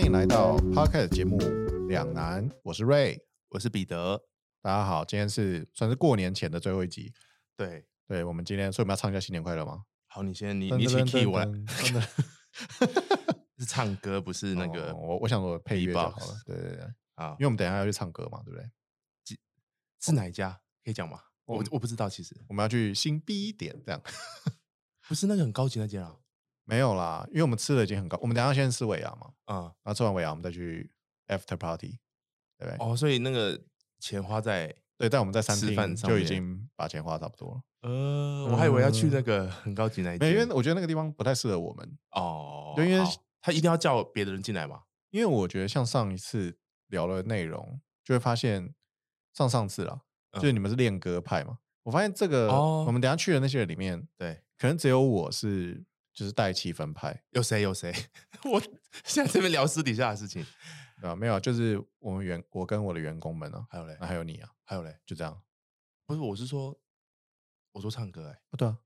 歡迎來到 podcast 的節目《倆男》，我是睿，我是彼得，大家好。今天是算是過年前的最後一集，對，對我們今天，所以我們要唱一下新年快樂嗎？好，你先，你你請替我來，真 的 是唱歌，不是那個，oh, 我我想我配樂就好了，e、對對對，啊、oh.，因為我們等下要去唱歌嘛，對不對？是是哪一家？Oh. 可以講嗎？我我不知道，其實我們要去新 B 一點這樣， 不是那個很高級的那間、啊。沒有啦，因為我們吃的已經很高。我們等下先吃尾牙嘛，嗯，然後吃完尾牙我們再去 after party，對不對哦，所以那個錢花在對，但我們在三餐上，就已經把錢花差不多了。呃，我還以為要去那個很高級那一、嗯，沒，因為我覺得那個地方不太適合我們哦。對，因為他一定要叫別的人進來嘛。因為我覺得像上一次聊了內容，就會發現上上次啦，嗯、就是你們是練歌派嘛，我發現這個、哦、我們等下去的那些人裡面，對，可能只有我是。就是代氣氛派，有誰有誰？ 我現在，在這邊聊私底下的事情啊，沒有，就是我們員，我跟我的員工們呢、啊，還有嘞、啊，還有你啊，還有嘞，就這樣。不是，我是說，我說唱歌哎，不、哦、對啊，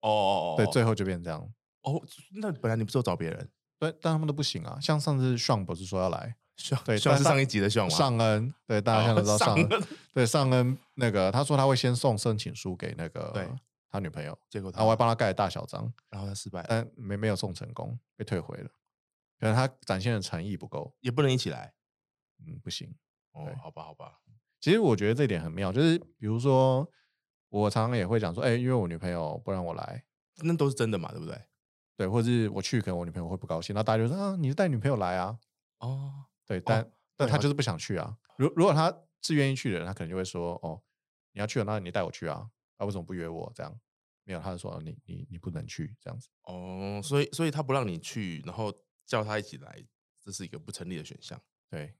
哦哦哦，對，最後就變成這樣。哦、oh，那本來你不是要找別人？對，但他們都不行啊。像上次 Sean 不是說要來？Sean，對，那是上一集的 Shawn 嘛，對，大家現在知道尚恩、oh，尚恩。對，尚恩那個，他說他會先送申請書給那個。對。他女朋友，結果他，我還幫他蓋了大小章，然後他失敗，但沒沒有送成功，被退回了，可能他展現的誠意不夠，也不能一起來，嗯，不行，哦，好吧，好吧，其實我覺得這一點很妙，就是比如說，我常常也會講說，哎，因為我女朋友不讓我來，那都是真的嘛，對不對？對，或者是我去，可能我女朋友會不高興，那大家就說啊，你就帶女朋友來啊，哦，對，但、哦、但他就是不想去啊，如、嗯、如果他是願意去的人，他可能就會說，哦，你要去了，那你帶我去啊。他、啊、為什麼不約我？這樣沒有，他就說你你你不能去這樣子哦，所以所以他不讓你去，然後叫他一起來，這是一個不成立的選項。對，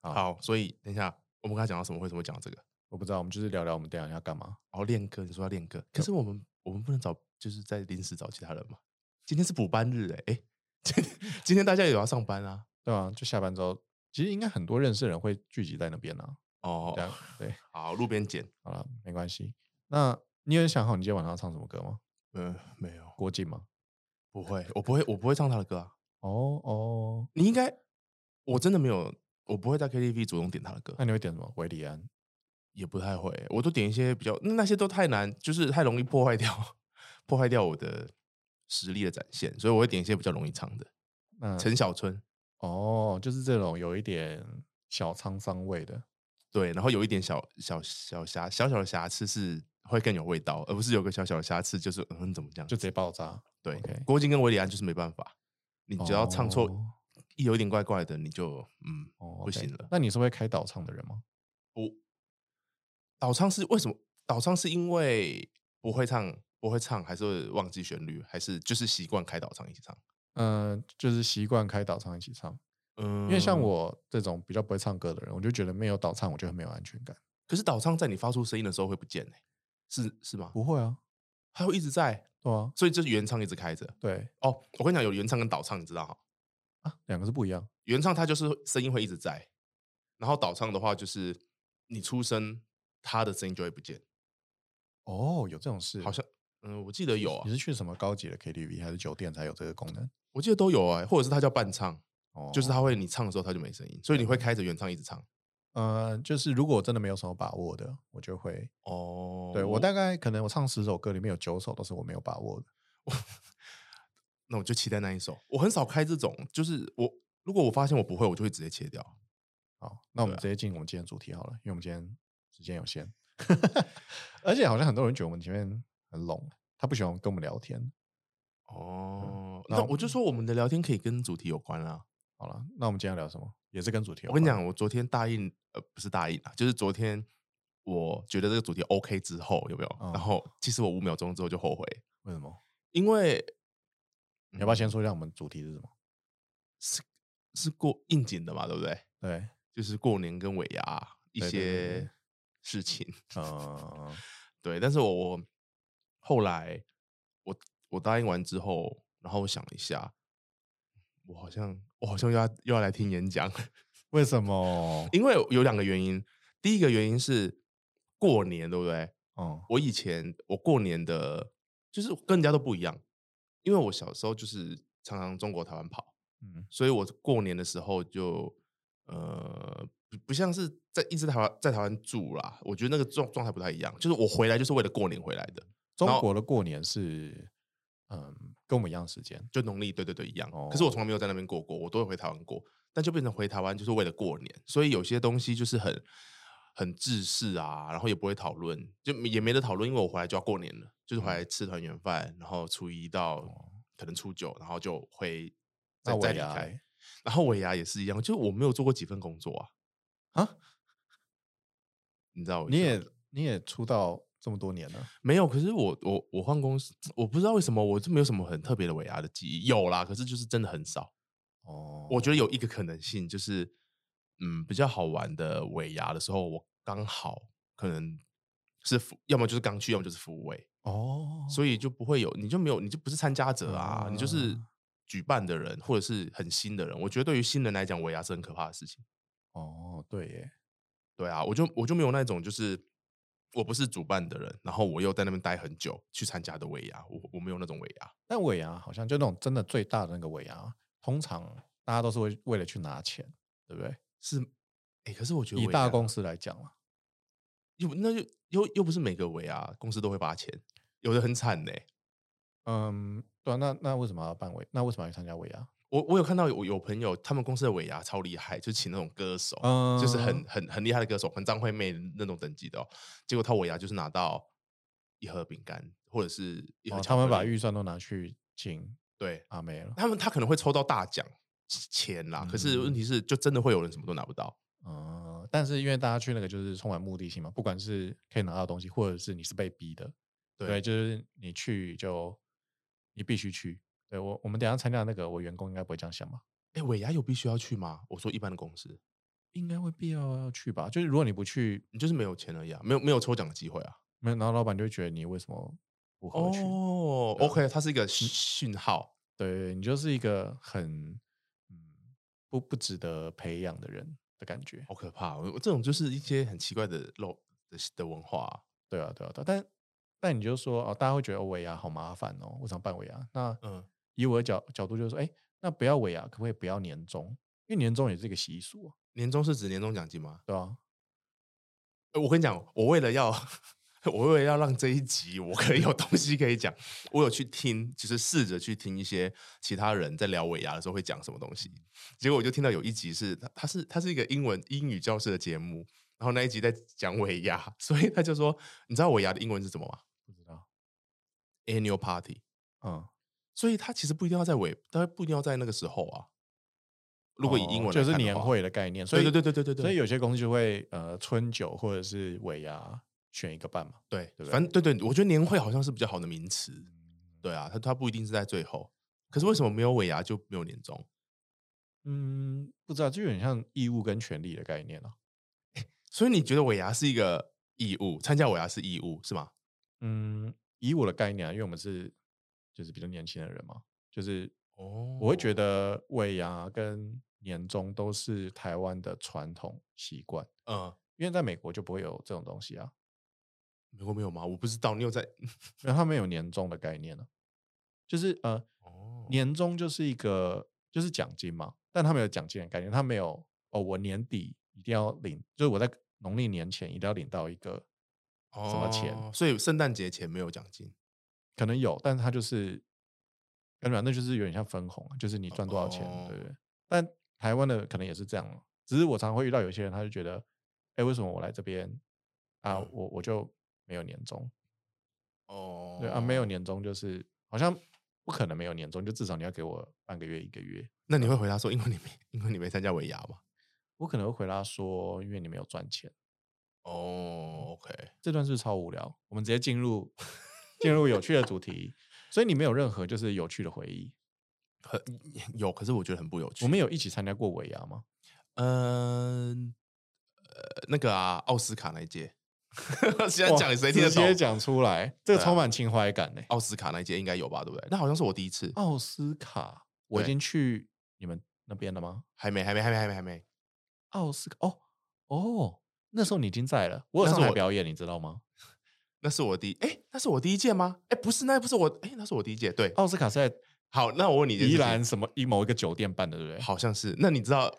好，好，所以等一下我們剛才講到什麼？為什麼講到這個？我不知道，我們就是聊聊我們等下要幹嘛，然後練歌。你說要練歌，可是我們我們不能找，就是在臨時找其他人嘛。今天是補班日、欸，哎、欸，今 今天大家也要上班啊，對啊，就下班之後，其實應該很多認識的人會聚集在那邊呢、啊。哦這樣，對，好，路邊撿好了，沒關係。那你有想好你今天晚上要唱什麼歌嗎？呃、嗯，沒有。郭靖嗎？不會，我不會，我不會唱他的歌啊。哦哦，你應該，我真的沒有，我不會在 KTV 主動點他的歌。那你會點什麼？韋禮安。也不太會，我都點一些比較那些都太難，就是太容易破壞掉，破壞掉我的實力的展現，所以我會點一些比較容易唱的。陳小春哦，oh, 就是這種有一點小滄桑味的。對，然後有一點小小小瑕小,小小的瑕疵是。會更有味道，而不是有個小小的瑕疵，就是嗯怎麼這樣子，就直接爆炸。對，郭、okay. 靜跟韋禮安就是沒辦法，你只要唱錯、oh. 一有點怪怪的，你就嗯、oh, okay. 不行了。那你是會開導唱的人嗎？不，導唱是為什麼？導唱是因為不會唱，不會唱，還是會忘記旋律，還是就是習慣開導唱一起唱？嗯，就是習慣開導唱一起唱。嗯，因為像我這種比較不會唱歌的人，我就覺得沒有導唱，我就很沒有安全感。可是導唱在你發出聲音的時候會不見誒、欸。是是嗎？不會啊，它會一直在，對啊，所以就是原唱一直開着。對，哦、oh,，我跟你講，有原唱跟導唱，你知道哈？啊，兩個是不一樣。原唱它就是聲音會一直在，然後導唱的話就是你出聲，它的聲音就會不見。哦、oh,，有這種事？好像，嗯、呃，我記得有啊。就是、你是去什麼高級的 KTV 還是酒店才有這個功能？嗯、我記得都有啊，或者是它叫伴唱，oh. 就是他會你唱的時候他就沒聲音，所以你會開着原唱一直唱。嗯、呃，就是如果我真的沒有什麼把握的，我就會哦。Oh. 對，我大概可能我唱十首歌，裡面有九首都是我沒有把握的我，那我就期待那一首。我很少開這種，就是我如果我發現我不會，我就會直接切掉。好，那我們直接進我們今天主題好了，因為我們今天時間有限， 而且好像很多人覺得我們前面很冷，他不喜歡跟我們聊天。哦、oh. 嗯，那我就說我們的聊天可以跟主題有關啦、啊。好了，那我們今天要聊什麼？也是跟主題。我跟你講，我昨天答應，呃，不是答應啦，就是昨天我覺得這個主題 OK 之後，有沒有？嗯、然後其實我五秒鐘之後就後悔。為什麼？因為你要不要先說一下我們主題是什麼？嗯、是是過應景的嘛，對不對？對，就是過年跟尾牙一些事情啊、 嗯。對，但是我，我後來我我答應完之後，然後我想了一下。我好像，我好像又要又要來聽演講， 為什麼？因為有兩個原因。第一個原因是過年，對不對？嗯，我以前我過年的就是跟人家都不一樣，因為我小時候就是常常中國台灣跑，嗯，所以我過年的時候就呃不不像是在一直台灣在台灣住啦，我覺得那個狀狀態不太一樣。就是我回來就是為了過年回來的。中國的過年是，嗯，跟我們一樣時間，就農曆對對對一樣、哦。可是我從來沒有在那邊過過，我都有回台灣過。但就變成回台灣就是為了過年，所以有些東西就是很很自私啊，然後也不會討論，就也沒得討論，因為我回來就要過年了，就是回來吃團圓飯，然後初一到、哦、可能初九，然後就回再我再離開。然後我尾牙也是一樣，就我沒有做過幾份工作啊，啊？你知道？你也你也出道。這麼多年了，沒有。可是我我我換公司，我不知道為什麼我就沒有什麼很特別的尾牙的記憶。有啦，可是就是真的很少。哦，我覺得有一個可能性就是，嗯，比較好玩的尾牙的時候，我剛好可能是服要麼就是剛去，要麼就是福委。哦，所以就不會有，你就沒有，你就不是參加者啊，嗯，你就是舉辦的人或者是很新的人。我覺得對於新人來講，尾牙是很可怕的事情。哦，對耶，對啊，我就我就沒有那種就是。我不是主辦的人，然後我又在那邊待很久去參加的尾牙，我我沒有那種尾牙，那尾牙好像就那種真的最大的那個尾牙，通常大家都是為為了去拿錢，對不對？是，哎、欸，可是我覺得以大公司來講嘛，啊、又那又又不是每個尾牙公司都會發錢，有的很慘呢、欸。嗯，對、啊，那那為什麼要辦尾那為什麼要去參加尾牙我我有看到有有朋友，他們公司的尾牙超厲害，就是、請那種歌手，嗯、就是很很很厲害的歌手，很張惠妹那種等級的哦。結果他尾牙就是拿到一盒餅乾，或者是一盒、哦、他們把預算都拿去請對阿妹了。他們他可能會抽到大獎錢啦、嗯，可是問題是就真的會有人什麼都拿不到嗯。嗯，但是因為大家去那個就是充滿目的性嘛，不管是可以拿到東西，或者是你是被逼的，對，對就是你去就你必須去。對我，我們等一下參加的那個，我員工應該不會這樣想吧？哎、欸，尾牙有必須要去嗎？我說一般的公司應該會必要要去吧？就是如果你不去，你就是沒有錢而已啊，沒有沒有抽獎的機會啊。沒有，然後老闆就會覺得你為什麼不可以去？哦、oh, 啊、，OK，它是一個訊號，你對你就是一個很嗯不不值得培養的人的感覺，好可怕！我這種就是一些很奇怪的陋的的文化、啊，對啊，對啊，對啊對，但但你就說哦，大家會覺得尾牙好麻煩哦，我想辦尾牙？那嗯。以我的角角度就是說，哎，那不要尾牙，可不可以不要年終？因為年終也是一個習俗、啊。年終是指年終獎金嗎？對啊。我跟你講，我為了要，我為了要讓這一集我可以有東西可以講，我有去聽，就是試着去聽一些其他人在聊尾牙的時候會講什麼東西。嗯。結果我就聽到有一集是，他他是他是一個英文英語教師的節目，然後那一集在講尾牙，所以他就說，你知道尾牙的英文是什麼嗎？不知道。Annual Party。嗯。所以它其實不一定要在尾，它不一定要在那個時候啊。如果以英文、哦、就是年會的概念，所以對對對對對對，所以有些公司會呃春酒或者是尾牙選一個辦嘛，對對，對，反正對對我覺得年會好像是比較好的名詞，對啊，它它不一定是在最後，可是為什麼沒有尾牙就沒有年終？嗯，不知道，就有點像義務跟權利的概念了、啊。所以你覺得尾牙是一個義務，參加尾牙是義務是嗎？嗯，以我的概念啊，因為我們是。就是比較年輕的人嘛，就是哦，我會覺得尾牙跟年終都是台灣的傳統習慣，嗯，因為在美國就不會有這種東西啊。美國沒有嗎？我不知道，你有在？他 們沒有年終的概念、啊、就是呃，哦，年終就是一個就是獎金嘛，但他沒有獎金的概念，他沒有哦，我年底一定要領，就是我在農曆年前一定要領到一個什麼錢，哦、所以聖誕節前沒有獎金。可能有，但是他就是，根本那就是有點像分紅，就是你賺多少錢，oh. 對不對，但台灣的可能也是這樣。只是我常常會遇到有些人，他就覺得，哎、欸，為什麼我來這邊啊？Oh. 我我就沒有年終，哦、oh. 對啊，沒有年終就是好像不可能沒有年終，就至少你要給我半個月一個月。那你會回答說，因為你沒，因為你沒參加尾牙嘛？我可能會回答說，因為你沒有賺錢。哦、oh，OK、嗯、這段是不是超無聊，我們直接進入。 進入有趣的主題，所以你沒有任何就是有趣的回憶？有，可是我覺得很不有趣。我們有一起參加過尾牙嗎？嗯，呃，那個啊，奧斯卡那一屆， 現在講誰聽得懂？直接講出來，這個充滿情懷感。奧斯卡那一屆應該有吧？對不對？那好像是我第一次。奧斯卡，我已經去你們那邊了嗎？還沒，還沒，還沒，還沒，還沒。奧斯卡，哦哦，那時候你已經在了，我有上台表演你知道嗎？那是我第一哎，那是我第一屆嗎？哎，不是，那不是我，哎，那是我第一屆。對，奧斯卡是在。好，那我問你，宜蘭什麼？以某一個酒店辦的，對不對？好像是。那你知道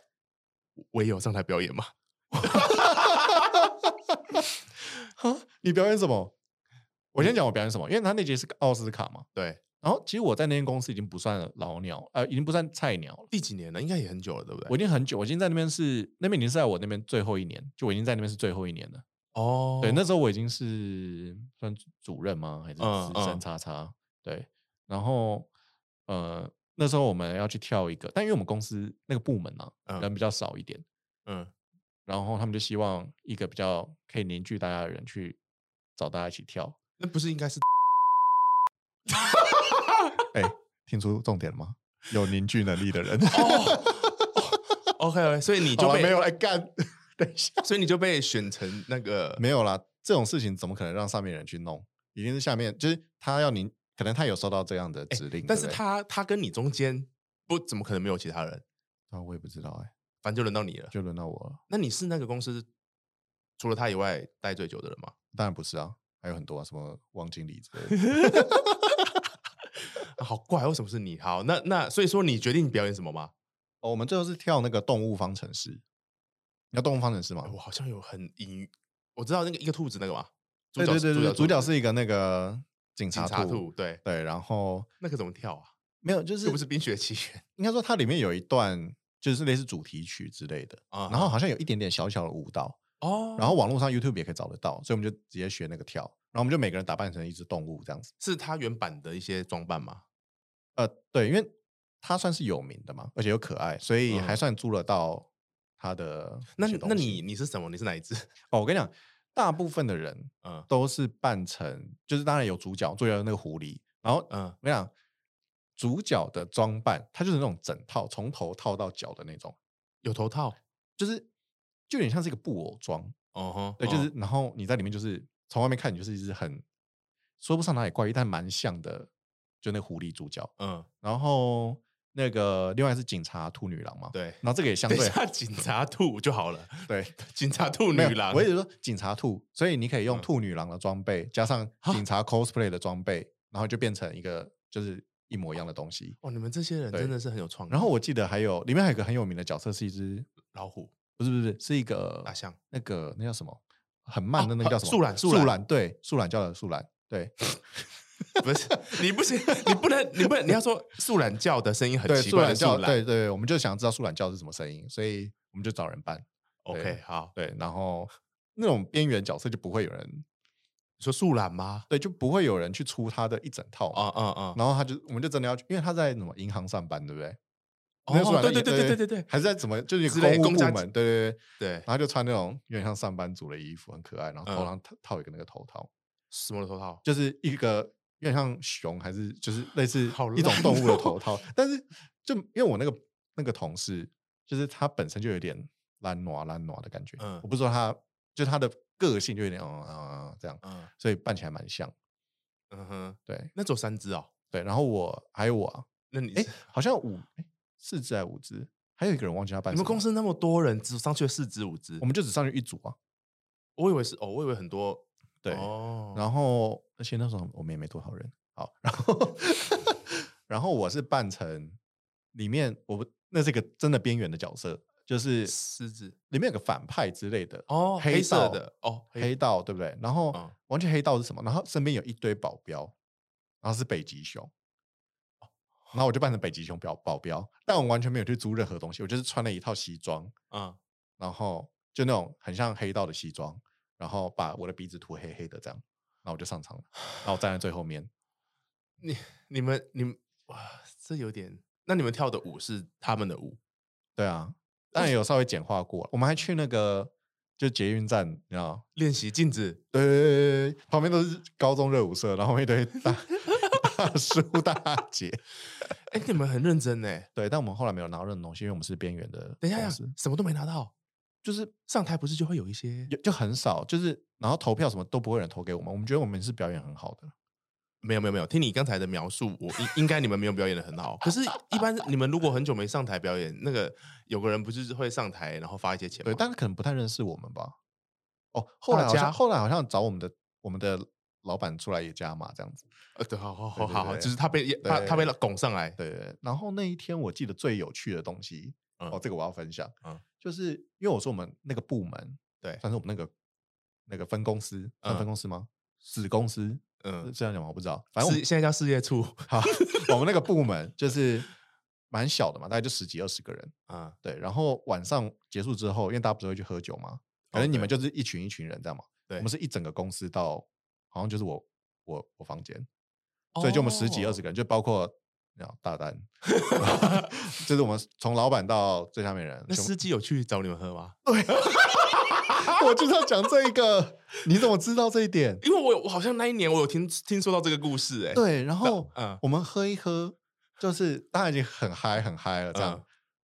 我也有上台表演嗎？ 你表演什麼？我先講我表演什麼，因為他那節是奧斯卡嘛。對。然後其實我在那間公司已經不算老鳥，呃，已經不算菜鳥了。第幾年了？應該也很久了，對不對？我已經很久，我已經在那邊是，那邊已經是在我那邊最後一年，就我已經在那邊是最後一年了。哦、oh.，對，那時候我已經是算主任嗎？還是三叉叉？對，然後呃，那時候我們要去跳一個，但因為我們公司那個部門啊、嗯、人比較少一點，嗯，然後他們就希望一個比較可以凝聚大家的人去找大家一起跳。那不是應該是？ 哎、 欸，聽出重點了嗎？有凝聚能力的人、oh.。 okay, OK，所以你就沒有 來幹。等一下，所以你就被選成那個 沒有啦，這種事情怎麼可能讓上面人去弄？一定是下面，就是他要你，可能他有收到這樣的指令，欸、但是他對、對他跟你中間不怎麼可能沒有其他人啊？我也不知道哎、欸，反正就輪到你了，就輪到我了。那你是那個公司除了他以外待最久的人嗎？當然不是啊，還有很多啊，什麼王經理之類的、 啊，好怪，為什麼是你？好，那那所以說你決定表演什麼嗎？哦、我們最後是跳那個動物方程式。要動物方程式嗎、呃、我好像有很隱，我知道那個一個兔子那個嘛，對對對對，主角是主角是一個那個警察兔，警察兔對，對，然後那個怎麼跳啊？沒有，就是就不是冰雪奇緣，應該說它裡面有一段就是類似主題曲之類的啊、嗯，然後好像有一點點小小的舞蹈哦、嗯，然後網絡上 YouTube 也可以找得到，所以我們就直接學那個跳，然後我們就每個人打扮成一只動物這樣子，是它原版的一些裝扮嗎？呃，對，因為它算是有名的嘛，而且又可愛，所以還算租得到、嗯。他的那，那你你是什麼？你是哪一隻？哦，我跟你講，大部分的人，嗯，都是扮成、嗯，就是當然有主角，主角的那個狐狸，然後，嗯，我跟你講，主角的裝扮，他就是那種整套，從頭套到腳的那種，有頭套，就是，就有點像是一個布偶裝，哦、嗯，對，就是、嗯，然後你在裡面，就是從外面看，你就是一隻很說不上哪裡怪異，但蠻像的，就那狐狸主角，嗯，然後。那個，另外是警察兔女郎嘛？對，然後這個也相對。等下，警察兔就好了。 對， 警察兔女郎。我意思是說，警察兔，所以你可以用兔女郎的裝備，加上警察 cosplay 的裝備，然後就變成一個就是一模一樣的東西。哦，哦你們這些人真的是很有創意。然後我記得還有裡面還有一個很有名的角色，是一隻老虎，不是不是，是一個大象。那個那叫什麼？很慢的那叫什麼？樹懶樹懶對，樹懶叫樹懶對。 不是 你不行，你不能，你不能，你要說樹懶叫的聲音很奇怪對。啊、對，對對，我們就想知道樹懶叫是什麼聲音，所以我們就找人扮。OK，好，對，然後那種邊緣角色就不會有人你說樹懶嗎？對，就不會有人去出他的一整套啊啊啊！然後他就，我們就真的要去，因為他在什麼銀行上班，對不對？哦，那個、哦對對對對對對還是在怎麼，就是公務部門，對對對對，對，然後就穿那種有點像上班族的衣服，很可愛，然後頭上、嗯、套一個那個頭套，什麼頭套？就是一個。有點像熊，還是就是類似一種動物的頭套，但是就因為我那個那個同事，就是他本身就有點懶惰懶惰的感覺，嗯，我不知道他，就他的個性就有點啊、哦哦哦哦、這樣，嗯，所以扮起來蠻像，嗯哼，對，那就有三隻哦，對，然後我還有我、啊，那你哎、欸，好像五哎、欸、四隻還五隻？還有一個人忘記他扮，你們公司那麼多人只上去了四隻五隻？我們就只上去一組啊，我以為是哦，我以為很多。對，oh. 然後而且那時候我們也沒多少人，好，然後 然後我是扮成裡面我不那是一個真的邊緣的角色，就是獅子，裡面有個反派之類的，哦、oh,，黑色的，哦、oh,，黑道對不對？然後、oh. 完全黑道是什麼？然後身邊有一堆保鏢，然後是北極熊，oh. 然後我就扮成北極熊保保鏢，但我完全沒有去租任何東西，我就是穿了一套西裝，啊、oh.，然後就那種很像黑道的西裝。然後把我的鼻子塗黑黑的，這樣，然後我就上場了。然後站在最後面。你、你們、你們，哇，這有點。那你們跳的舞是他們的舞？對啊，當然有稍微簡化過。我們還去那個就捷運站，你知道，練習鏡子，對對對對。對，旁邊都是高中熱舞社，然後一堆大叔 大、大姐。哎、欸，你們很認真誒。對，但我們後來沒有拿到任何東西，因為我們是邊緣的。等一下，什麼都沒拿到。就是上台不是就會有一些有就很少，就是然後投票什麼都不會有人投給我們，我們覺得我們是表演很好的。沒有沒有沒有，聽你剛才的描述，我 應該你們沒有表演的很好。可是，一般你們如果很久沒上台表演，那個有個人不是會上台然後發一些錢？對，但是可能不太認識我們吧。哦，後來加，後來好像找我們的我們的老闆出來也加嘛，這樣子。呃，好好好好，只、就是他被他他被拱上來。對。對然後那一天，我記得最有趣的東西。哦，這個我要分享，嗯嗯。就是因為我說我們那個部門，對，算是我們那個那個分公司，分公司嗎？子、嗯、公司，嗯，是這樣講嗎？我不知道。反正我現在叫事業處。好， 我們那個部門就是蠻小的嘛，大概就十幾二十個人。啊，對。然後晚上結束之後，因為大家不是會去喝酒嗎？反、啊、正你們就是一群一群人，這樣嘛。對，我們是一整個公司到，好像就是我我我房間，oh. 所以就我們十幾二十個人，就包括。大單，這 是我們從老闆到最下面人。那司機有去找你們喝嗎？對， 我就是要講這一個。你怎麼知道這一點？因為我我好像那一年我有聽聽說到這個故事哎、欸。對，然後，嗯，我們喝一喝，就是當然已經很嗨很嗨了，這樣、嗯，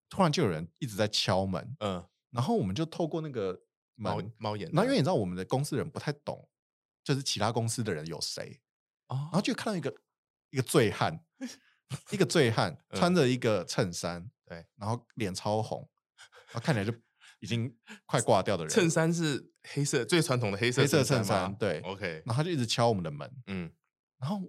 突然就有人一直在敲門，嗯，然後我們就透過那個貓貓、嗯、眼，那因為你知道我們的公司人不太懂，就是其他公司的人有誰、哦、然後就看到一個一個醉漢。 一個醉漢穿着一個襯衫、嗯，對，然後臉超紅，然後看起來就已經快掛掉的人。襯 衫是黑色，最傳統的黑色襯衫。黑色襯衫。對，OK。然後他就一直敲我們的門，嗯。然後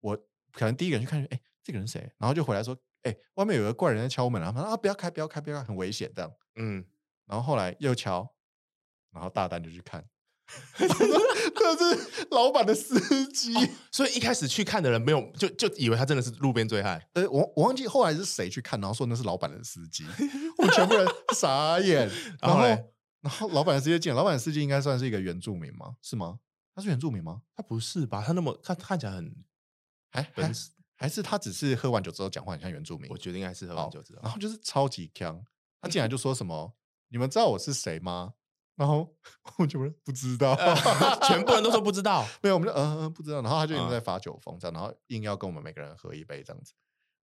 我可能第一個人去看，哎、欸，這個人是誰？然後就回來說，哎、欸，外面有個怪人在敲門，然後他說啊，不要開，不要開，不要開，很危險這樣。嗯。然後後來又敲，然後大膽就去看。 可是老闆的司機、哦，所以一開始去看的人沒有，就就以為他真的是路邊醉漢。對、呃、我我忘記後來是誰去看，然後說那是老闆的司機， 我們全部人傻眼。 然後、哦、然後老闆直接進，老闆的司機應該算是一個原住民嗎？是嗎？他是原住民嗎？他不是吧？他那麼他看他看起來很本還還是還是他只是喝完酒之後講話很像原住民，我覺得應該是喝完酒之後，然後就是超級鏘。他進來就說什麼、嗯？你們知道我是誰嗎？然後我就不知道， 全部人都說不知道。 沒有，我們就嗯嗯、呃、不知道。然後他就一直在發酒瘋這樣，嗯、然後硬要跟我們每個人喝一杯這樣子。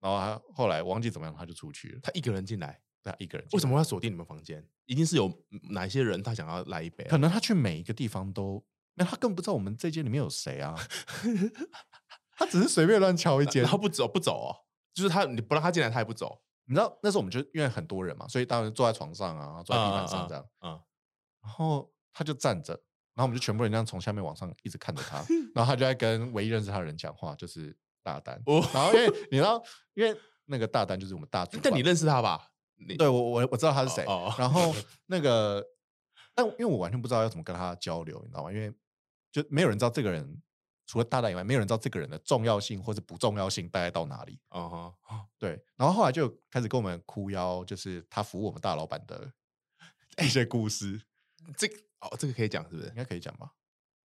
然後他後來忘記怎麼樣，他就出去了。他一個人進來，他、啊、一個人進來。為什麼要鎖定你們房間？ 一定是有哪一些人他想要來一杯、啊？可能他去每一個地方都，那他更不知道我們這間裡面有誰啊。 他只是隨便亂敲一間，他不走不走哦。就是他你不讓他進來，他也不走。 你知道那時候我們就因為很多人嘛，所以當然坐在床上啊，然後坐在地板上這樣啊。嗯嗯嗯然後他就站着，然後我們就全部人這樣從下面往上一直看着他， 然後他就在跟唯一認識他的人講話，就是大丹。哦、然後因為 你知道，因為那個大丹就是我們大，但你認識他吧？你對，我我我知道他是誰。哦哦、然後那個， 但因為我完全不知道要怎麼跟他交流，你知道嗎？因為就沒有人知道這個人，除了大丹以外，沒有人知道這個人的重要性或者不重要性大概到哪裡。嗯、哦。對。然後後來就開始跟我們哭腰，就是他服務我們大老闆的一些故事。這個哦，這個可以講是不是？應該可以講吧。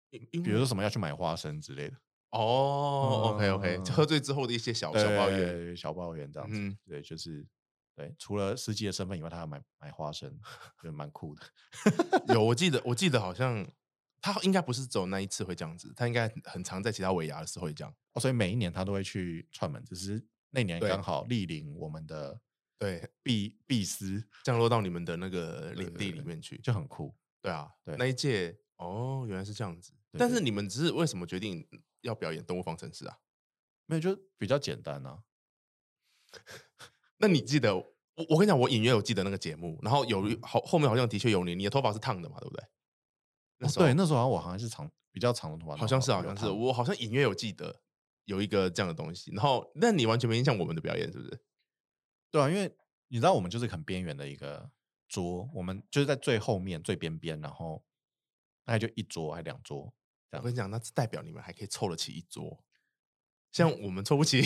比如說什麼要去買花生之類的。哦、oh，OK OK，喝醉之後的一些小對小抱怨對對對，小抱怨這樣子。嗯、對，就是對。除了司機的身份以外，他還買買花生，就 蠻酷的。 有，我記得我記得好像他應該不是只有那一次會這樣子，他應該很常在其他尾牙的時候會這樣。哦，所以每一年他都會去串門，只是那年剛好蒞臨，臨我們的對碧碧斯降落到你們的那個領地裡面去，對對對對就很酷。對啊，對那一屆哦，原來是這樣子。對對但是你們只是為什麼決定要表演《動物方程式》啊？沒有就比較簡單呢、啊。 那你記得我，我跟你講，我隱約有記得那個節目。然後有、嗯、好後面好像的確有你，你的頭髮是燙的嘛，對不對？哦、那時候對，那時候我好像是長比較長的頭髮，好像是好像是我，我好像隱約有記得有一個這樣的東西。然後，那你完全沒印象我們的表演，是不是？對啊，因為你知道我們就是很邊緣的一個。桌，我們就是在最後面最邊邊，然後大概就一桌還兩桌。我跟你講，那是代表你們還可以湊得起一桌，像我們湊不起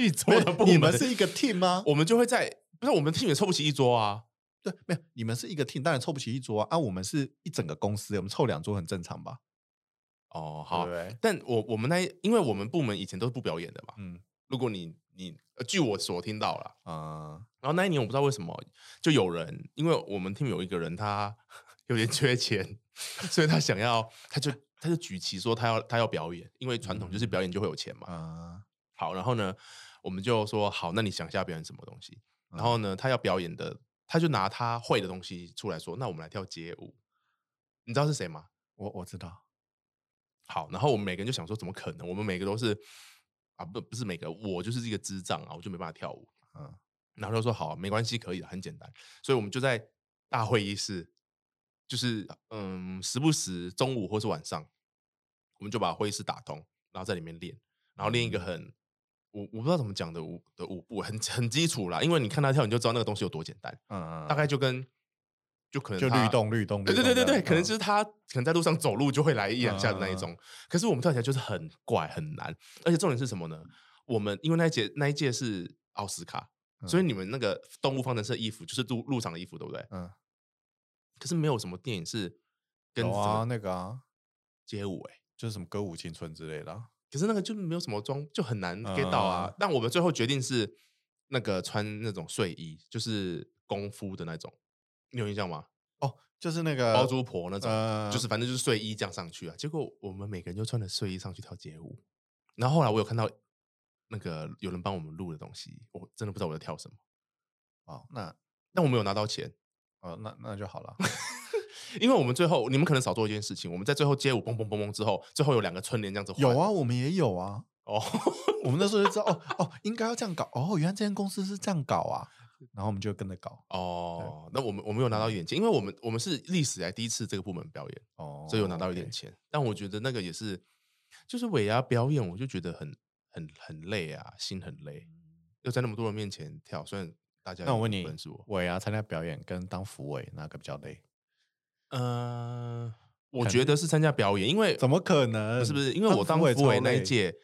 一桌的部門、嗯。你們是一個 team 嗎？我們就會在，不是我們 team 也湊不起一桌啊。對，沒有，你們是一個 team，當然湊不起一桌啊。啊，我們是一整個公司，我們湊兩桌很正常吧？哦，好。對對對。但我我們那，因為我們部門以前都是不表演的嘛。嗯，如果你。你據我所聽到了，啊、uh...，然後那一年我不知道為什麼就有人，因為我們 team 有一個人他有點缺錢， 所以他想要，他就他就舉旗說他要他要表演，因為傳統就是表演就會有錢嘛，啊、uh...，好，然後呢，我們就說好，那你想一下表演什麼東西，uh... 然後呢，他要表演的，他就拿他會的東西出來說，那我們來跳街舞，你知道是誰嗎？我我知道，好，然後我們每個人就想說，怎麼可能？我們每個都是。啊，不不是每個我就是一個智障啊，我就沒辦法跳舞。嗯，然後他說好啊，沒關係，可以的，很簡單。所以我們就在大會議室，就是嗯，時不時中午或是晚上，我們就把會議室打通，然後在裡面練，然後練一個很我我不知道怎麼講的舞的舞步，很很基礎啦。因為你看他跳，你就知道那個東西有多簡單。嗯嗯，大概就跟。就可能就律動律動，對對對對對，可能就是他、嗯、可能在路上走路就會來一兩下的那一種。嗯、可是我們跳起來就是很怪很難，而且重點是什麼呢？嗯、我們因為那一屆那一屆是奧斯卡、嗯，所以你們那個動物方程式的衣服就是路路上的衣服，對不對？嗯。可是沒有什麼電影是跟那個啊什麼街舞哎、欸，就是什麼歌舞青春之類的、啊。可是那個就沒有什麼裝，就很難 get 到啊、嗯、啊。但我們最後決定是那個穿那種睡衣，就是功夫的那種。你有印象嗎？哦，就是那個包租婆那種、呃，就是反正就是睡衣這樣上去啊。結果我們每個人就穿着睡衣上去跳街舞。然後後來我有看到那個有人幫我們錄的東西，我真的不知道我在跳什麼。哦，那那我沒有拿到錢哦，那那就好了。 因為我們最後你們可能少做一件事情，我們在最後街舞蹦蹦蹦蹦之後，最後有兩個春聯這樣子。有啊，我們也有啊。哦， 我們那時候就知道哦哦，應該要這樣搞。哦，原來這間公司是這樣搞啊。然後我們就跟着搞哦、oh。那我們我們有拿到錢，因為我們我們是歷史以來第一次這個部門表演哦，oh, 所以有拿到一點錢。Okay. 但我覺得那個也是，就是尾牙表演，我就覺得很很很累啊，心很累，又、mm -hmm. 在那麼多人面前跳，雖然大家，那我問你，尾牙參加表演跟當福委哪個比較累？嗯、uh，我覺得是參加表演，因為怎麼可能？是不是因為我當福委那一屆？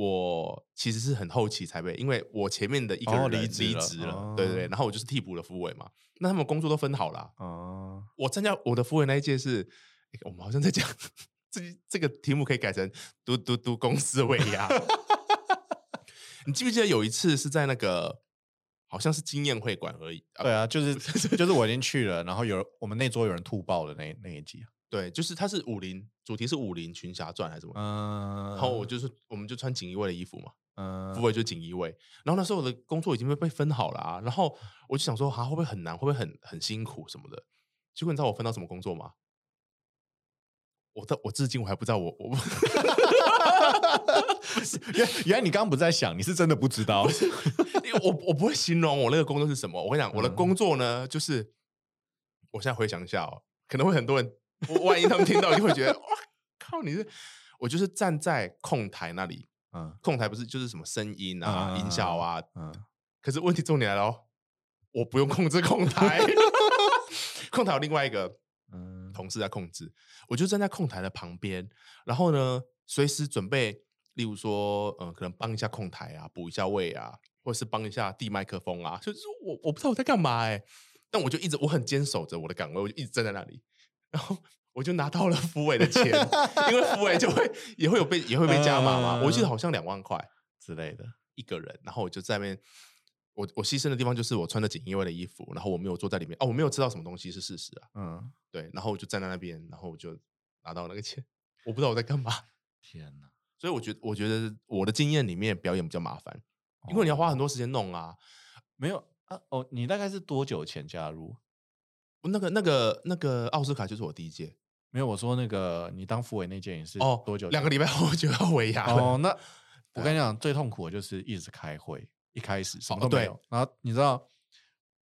我其實是很後期才被，因為我前面的一個人、哦、離職了，職了哦、對對，然後我就是替補的福委嘛。那他們工作都分好了啊。哦、我參加我的福委那一屆是，我們好像在講，這這個題目可以改成“都都都公司委呀、啊。” 你記不記得有一次是在那個，好像是經驗會館而已。啊對啊，就是就是我已經去了， 然後有人我們那桌有人吐爆了那那一集啊？對，就是它是武林主題，是武林群俠傳還是什麼？Uh... 然後我就是，我們就穿錦衣衛的衣服嘛，福、uh... 委就錦衣衛。然後那時候我的工作已經被被分好了啊，然後我就想說，哈、啊，會不會很難？會不會很很辛苦什麼的？結果你知道我分到什麼工作嗎？我到，我至今我還不知道我，我我不, 不是原來原來你剛剛不在想，你是真的不知道。 因為我我不會形容我那個工作是什麼。我跟你講，uh... 我的工作呢，就是我現在回想一下哦，可能會很多人。我 萬一他們聽到，就會覺得哇，靠你！你這我就是站在控台那裡，嗯，控台不是就是什麼聲音啊、啊、音效啊，啊啊啊可是問題重點來了哦，我不用控制控台，控 台有另外一個嗯同事在控制，我就站在控台的旁邊，然後呢，隨時準備，例如說，嗯、呃，可能幫一下控台啊，補一下位啊，或者是幫一下遞麥克風啊，就是我我不知道我在幹嘛哎、欸， 但我就一直我很堅守着我的崗位，我就一直站在那裡。然後我就拿到了福委的錢， 因為福委就會 也會有被也會被加碼嘛。呃、我記得好像兩萬塊之類的，之類的一個人。然後我就在那邊，我我犧牲的地方就是我穿着錦衣衛的衣服，然後我沒有坐在裡面哦，我沒有吃到什麼東西是事實啊。嗯，對。然後我就站在那邊，然後我就拿到那個錢，我不知道我在幹嘛。天吶。所以我覺得，我覺得我的經驗裡面表演比較麻煩，哦、因為你要花很多時間弄啊。哦、沒有啊？哦，你大概是多久前加入？那個、那個、那個奧斯卡就是我第一屆。沒有，我說那個你當福委那屆也是多久、哦？兩個禮拜後就要尾牙了、哦。那我跟你講，最痛苦的就是一直開會。一開始什麼都沒有，哦、然後你知道，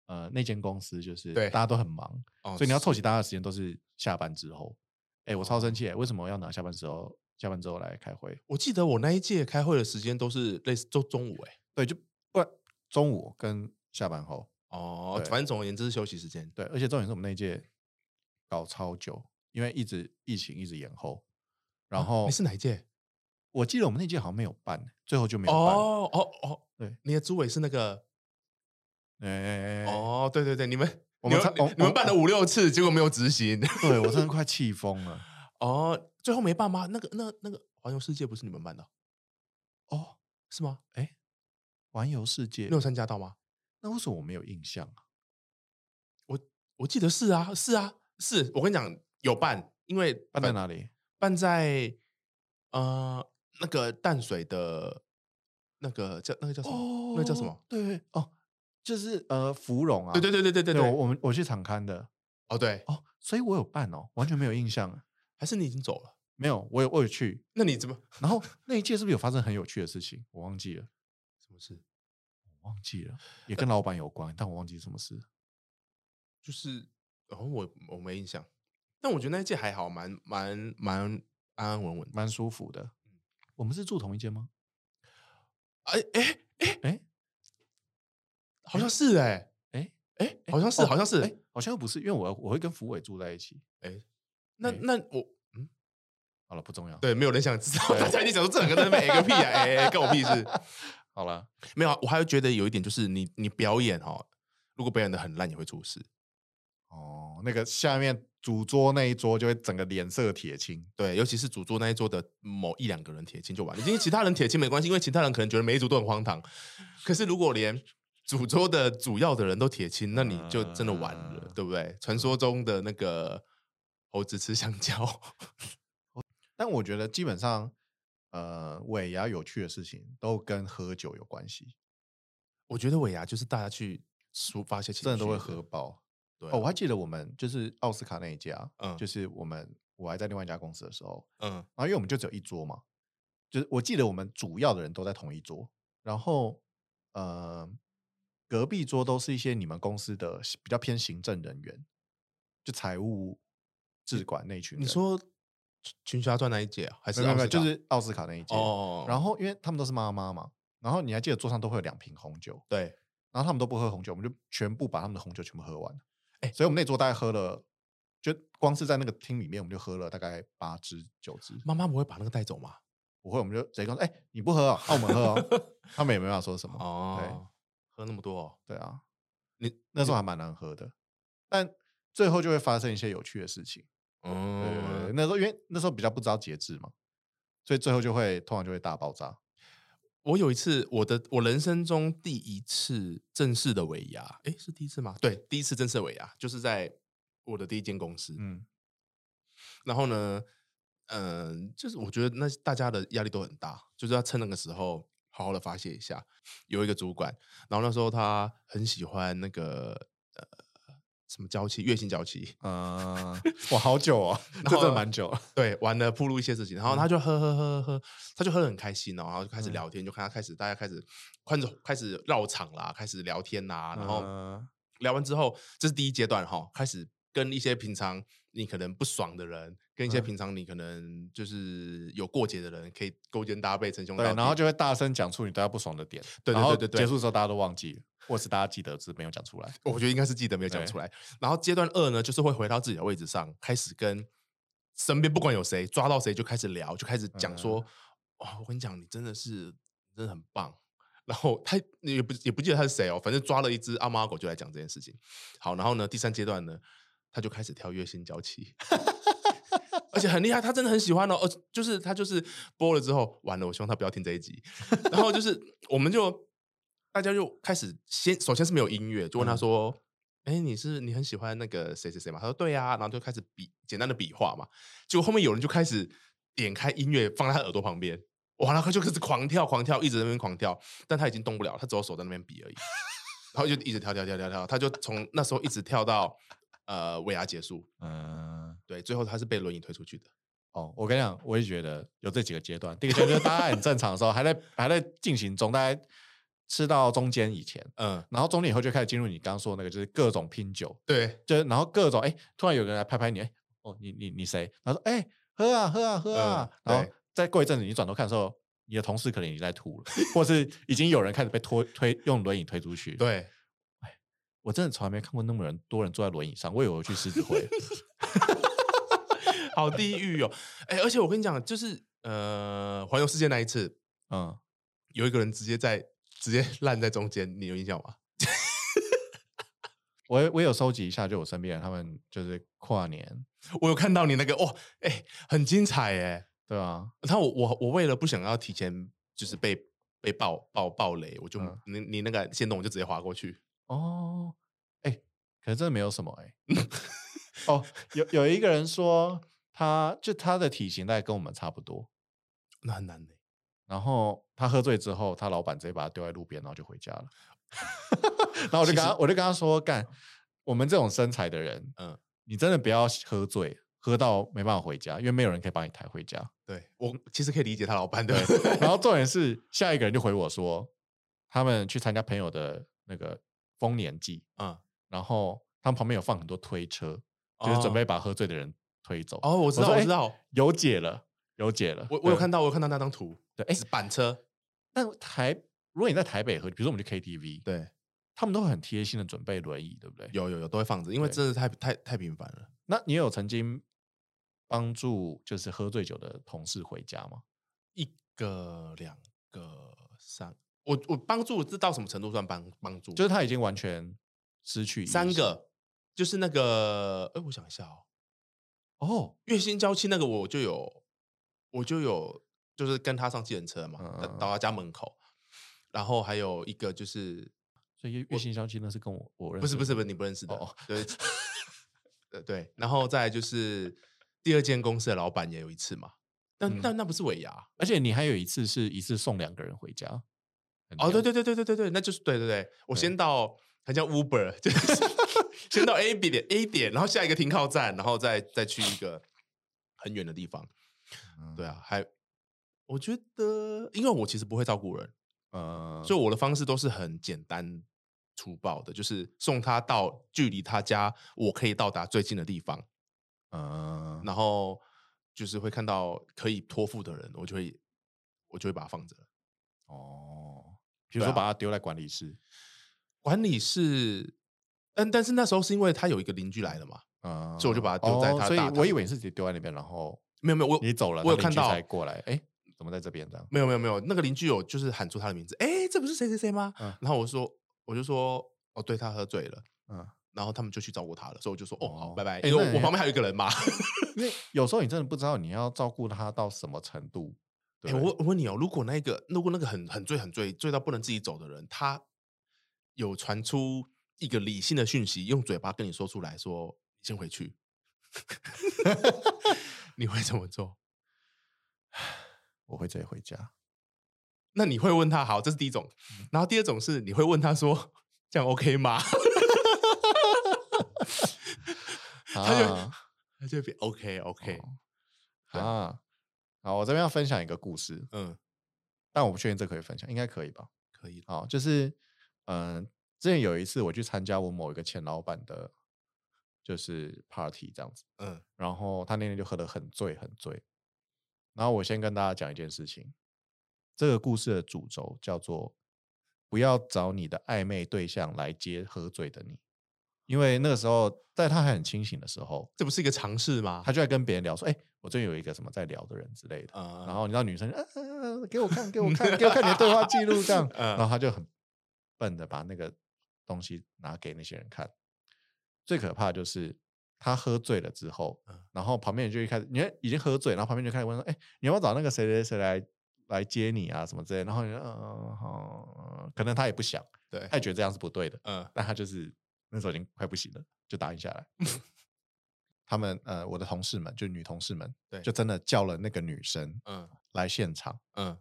呃，那間公司就是大家都很忙、哦，所以你要湊齊大家的時間都是下班之後。哎、哦欸，我超生氣、欸，為什麼要拿下班之後、下班之後來開會？我記得我那一屆開會的時間都是類似中午、欸，哎，對，就不中午跟下班後。哦、oh，反正總而言之是休息時間，對，對。而且重點是我們那一屆搞超久，因為一直疫情一直延後。然後、啊、你是哪一屆？我記得我們那一屆好像沒有辦，最後就沒有辦。哦哦哦，對，你的主委是那個，哎、欸，哦、oh，對對對，你們我們你、oh, 你們辦了五六次，結果沒有執行，對 我真的快氣瘋了。哦、oh，最後沒辦嗎？那個那個那個環遊世界不是你們辦的？哦，oh, 是嗎？哎、欸，環遊世界沒有參加到嗎？都是我沒有印象啊。我我記得是啊，是啊，是我跟你講有辦，因為辦在哪裡？辦在呃那個淡水的那個叫那個叫什麼？哦，那個叫什麼？對對，對哦，就是呃芙蓉啊。對對對對對對我們我，我去場勘的。哦對哦，所以我有辦哦，完全沒有印象啊。還是你已經走了？沒有，我有我有去。那你怎麼？然後那一屆是不是有發生很有趣的事情？我忘記了。什麼事？忘記了，也跟老板有關、呃，但我忘記什麼事。就是，哦，我我沒印象。但我覺得那一屆還好，蠻蠻蠻安安穩穩，蠻舒服的、嗯。我們是住同一間嗎？哎哎哎哎，好像是哎哎哎，好像是、哦、好像是、欸，好像又不是，因為我我會跟福委住在一起。哎、欸，那、欸、那,那我嗯，好了，不重要。對，沒有人想知道。財經講說這兩個在那邊 A 個屁 啊，哎哎，我屁事。 好了，沒有、啊，我還是覺得有一點，就是你你表演哦，如果表演的很爛，你會出事。哦，那個下面主桌那一桌就會整個臉色鐵青，對，尤其是主桌那一桌的某一兩個人鐵青就完了，因為其他人鐵青沒關係，因為其他人可能覺得每一組都很荒唐，可是如果連主桌的主要的人都鐵青，那你就真的完了，嗯、對不對？傳說中的那個猴子吃香蕉，但我覺得基本上。呃，尾牙有趣的事情都跟喝酒有關係。我覺得尾牙就是大家去抒發些情緒，嗯、真的都會喝爆。對，對、啊哦，我還記得我們就是奧斯卡那一家，嗯、就是我們我還在另外一家公司的時候，嗯，然、啊、後因為我們就只有一桌嘛，就是我記得我們主要的人都在同一桌，然後呃，隔壁桌，都是一些你們公司的比較偏行政人員，就財務、資管那群。你說？群俠傳那一集還是那個就是奧斯卡那一集、oh. 然後因為他們都是媽媽嘛，然後你還記得桌上都會有兩瓶紅酒，對。然後他們都不喝紅酒，我們就全部把他們的紅酒全部喝完了。哎、欸，所以我們那桌大概喝了，欸、就光是在那個廳裡面，我們就喝了大概八支九支。媽媽不會把那個帶走嗎？不會，我們就直接說，哎、欸，你不喝、哦、 啊，那我們喝哦。 他們也沒法說什麼哦、oh. 喝那麼多哦，對啊。你那時候還蠻難喝的，但最後就會發生一些有趣的事情。哦、嗯，那時候因為那時候比較不知道節制嘛，所以最後就會通常就會大爆炸。我有一次，我的我人生中第一次正式的尾牙，誒，是第一次嗎？對，第一次正式的尾牙就是在我的第一間公司。嗯，然後呢，嗯、呃，就是我覺得那大家的壓力都很大，就是要趁那個時候好好的發洩一下。有一個主管，然後那時候他很喜歡那個。什麼嬌妻？月薪嬌妻？啊、嗯， 哇，好久那，哦、 真的蠻久。 對，玩了鋪路一些事情，然後他就喝喝喝喝，他就喝得很開心哦，然後就開始聊天，嗯、就看他開始大家開始開始開始繞場啦，開始聊天吶，啊，然後，嗯、聊完之後，這是第一階段哈，哦，開始跟一些平常你可能不爽的人。跟一些平常你可能就是有過節的人，可以勾肩搭背、稱兄道弟，然後就會大聲講出你對他不爽的點，對，對對對，結束的時候大家都忘記了，或 是大家記得只是沒有講出來。我覺得應該是記得沒有講出來。然後階段二呢，就是會回到自己的位置上，開始跟身邊不管有誰抓到誰就開始聊，就開始講說：“嗯哦、我跟你講，你真的是真的很棒。”然後他也不也不記得他是誰哦，反正抓了一隻阿貓阿狗就來講這件事情。好，然後呢，第三階段呢，他就開始跳月薪嬌妻。 而且很厲害，他真的很喜歡哦。就是他就是播了之後完了，我希望他不要聽這一集。 然後就是我們就大家就開始先首先是沒有音樂，就問他說：“哎、嗯欸，你是你很喜歡那個誰誰誰嗎？”他說：“對呀、啊。”然後就開始比簡單的比劃嘛。結果後面有人就開始點開音樂放在他耳朵旁邊，完了他就開始狂跳狂跳，一直在那邊狂跳。但他已經動不了，他只有手在那邊比而已。 然後就一直跳跳跳跳跳、跳，他就從那時候一直跳到。呃，尾牙結束，嗯，對，最後他是被輪椅推出去的。哦，我跟你講，我也覺得有這幾個階段。第一個階段，大家很正常的時候，還在 還在進行中，大家吃到中間以前，嗯，然後中間以後就開始進入你剛剛說的那個，就是各種拼酒，對，就然後各種哎、欸，突然有人來拍拍你，哎、欸，哦，你你你誰、欸啊啊嗯？他說，哎，喝啊喝啊喝啊！然後再過一陣子，你轉頭看的時候，你的同事可能已經在吐了， 或是已經有人開始被拖推用輪椅推出去，對。我真的從來沒看過那麼人多人坐在輪椅上，我以為我去獅子會， 好地獄喲、哦！哎、欸，而且我跟你講，就是呃，環遊世界那一次，嗯，有一個人直接在直接爛在中間，你有印象嗎？ 我我有收集一下，就我身邊人他們就是跨年，我有看到你那個哦，哎、欸，很精彩哎、欸，對啊，那我我我為了不想要提前就是被被爆爆爆雷，我就、嗯、你你那個限動，我就直接滑過去。哦，哎，可能真的沒有什麼哎、欸。哦、 oh,，有有一個人說他，他就他的體型大概跟我們差不多，那很難。然後他喝醉之後，他老板直接把他丟在路邊，然後就回家了。 然後我就跟他我就跟他說，幹， 我們這種身材的人，嗯，你真的不要喝醉，喝到沒辦法回家，因為沒有人可以把你抬回家。對我其實可以理解他老板的，然後重點是 下一個人就回我說，他們去參加朋友的那個。豐年祭，嗯，然後他們旁邊有放很多推車、嗯，就是準備把喝醉的人推走。哦，我知道，我，我知道、欸，有解了，有解了。我我有看到，我有看到，我有看到那張圖。對，是，板車。那、欸、台如果你在台北喝，比如說我們去 KTV，對，他們都很貼心的準備輪椅，對不對？有有有，都會放着，因為真的太太太頻繁了。那你有曾經幫助就是喝醉酒的同事回家嗎？一個、兩個、三。我我幫助這到什麼程度算幫幫助？就是他已經完全失去三個，就是那個，哎、欸，我想一下哦、喔，哦，月薪嬌妻那個我就有，我就有，就是跟他上計程車嘛，uh. 到他家門口，然後還有一個就是，所以月薪嬌妻那是跟我我認識我，不是不是不是你不認識的，oh. 對， 對，然後再就是第二間公司的老闆也有一次嘛，但、嗯、但那不是尾牙，而且你還有一次是一次送兩個人回家。哦，對對對對對對對，那就是對對對，我先到，他、嗯、叫 Uber，就是 先到 A 點 A 點，然後下一個停靠站，然後再再去一個很遠的地方。嗯、對啊，還我覺得，因為我其實不會照顧人，嗯，所以我的方式都是很簡單粗暴的，就是送他到距離他家我可以到達最近的地方，嗯，然後就是會看到可以托付的人，我就會我就會把他放着，哦。比如說，把他丟在管理室。啊。管理室，但但是那時候是因為他有一個鄰居來了嘛，嗯，所以我就把他丟在他。哦。所以我以為你是直接丟在那邊，然後沒有沒有我你走了，我有看到才過來。哎、欸，怎麼在這邊這樣？沒有沒有沒有，那個鄰居有就是喊出他的名字。哎、欸，這不是誰誰誰嗎，嗯？然後我說，我就說，哦，對他喝醉了。嗯，然後他們就去照顧他了。所以我就說，哦，好、哦，拜拜。哎、欸，我我旁邊還有一個人嘛。因 為有時候你真的不知道你要照顧他到什麼程度。哎，我、欸、我問你哦，如果那個如果那個很、很醉很醉醉到不能自己走的人，他有傳出一個理性的訊息，用嘴巴跟你說出來說，說先回去， 你會怎麼做？我會再回家。那你會問他，好，這是第一種。嗯、然後第二種是你會問他說，這樣 OK 嗎？ 啊、他就會他就會 OK OK、哦、啊。好，我這邊要分享一個故事。嗯，但我不確定這可以分享，應該可以吧？可以。好，就是嗯、呃，之前有一次我去參加我某一個前老板的，就是 party 這樣子。嗯，然後他那天就喝得很醉，很醉。然後我先跟大家講一件事情，這個故事的主軸叫做不要找你的曖昧對象來接喝醉的你。因為那個時候，在他還很清醒的時候，這不是一個嘗試嗎？他就在跟別人聊說：“哎、欸，我這有一個什麼在聊的人之類的。嗯”然後你知道女生、啊，給我看，給我看， 給我看你的對話記錄，這樣、嗯。然後他就很笨的把那個東西拿給那些人看。最可怕就是他喝醉了之後，嗯、然後旁邊人就一開始，你看已經喝醉，然後旁邊就開始問說：“哎、欸，你要不要找那個誰誰誰來來，來接你啊？什麼之類的？”然後你說：“嗯，好、嗯。”可能他也不想，對，他也覺得這樣是不對的，嗯，但他就是。那時候已經快不行了，就答應下來。 他們呃，我的同事們就女同事們，對，就真的叫了那個女生，嗯，來現場，嗯，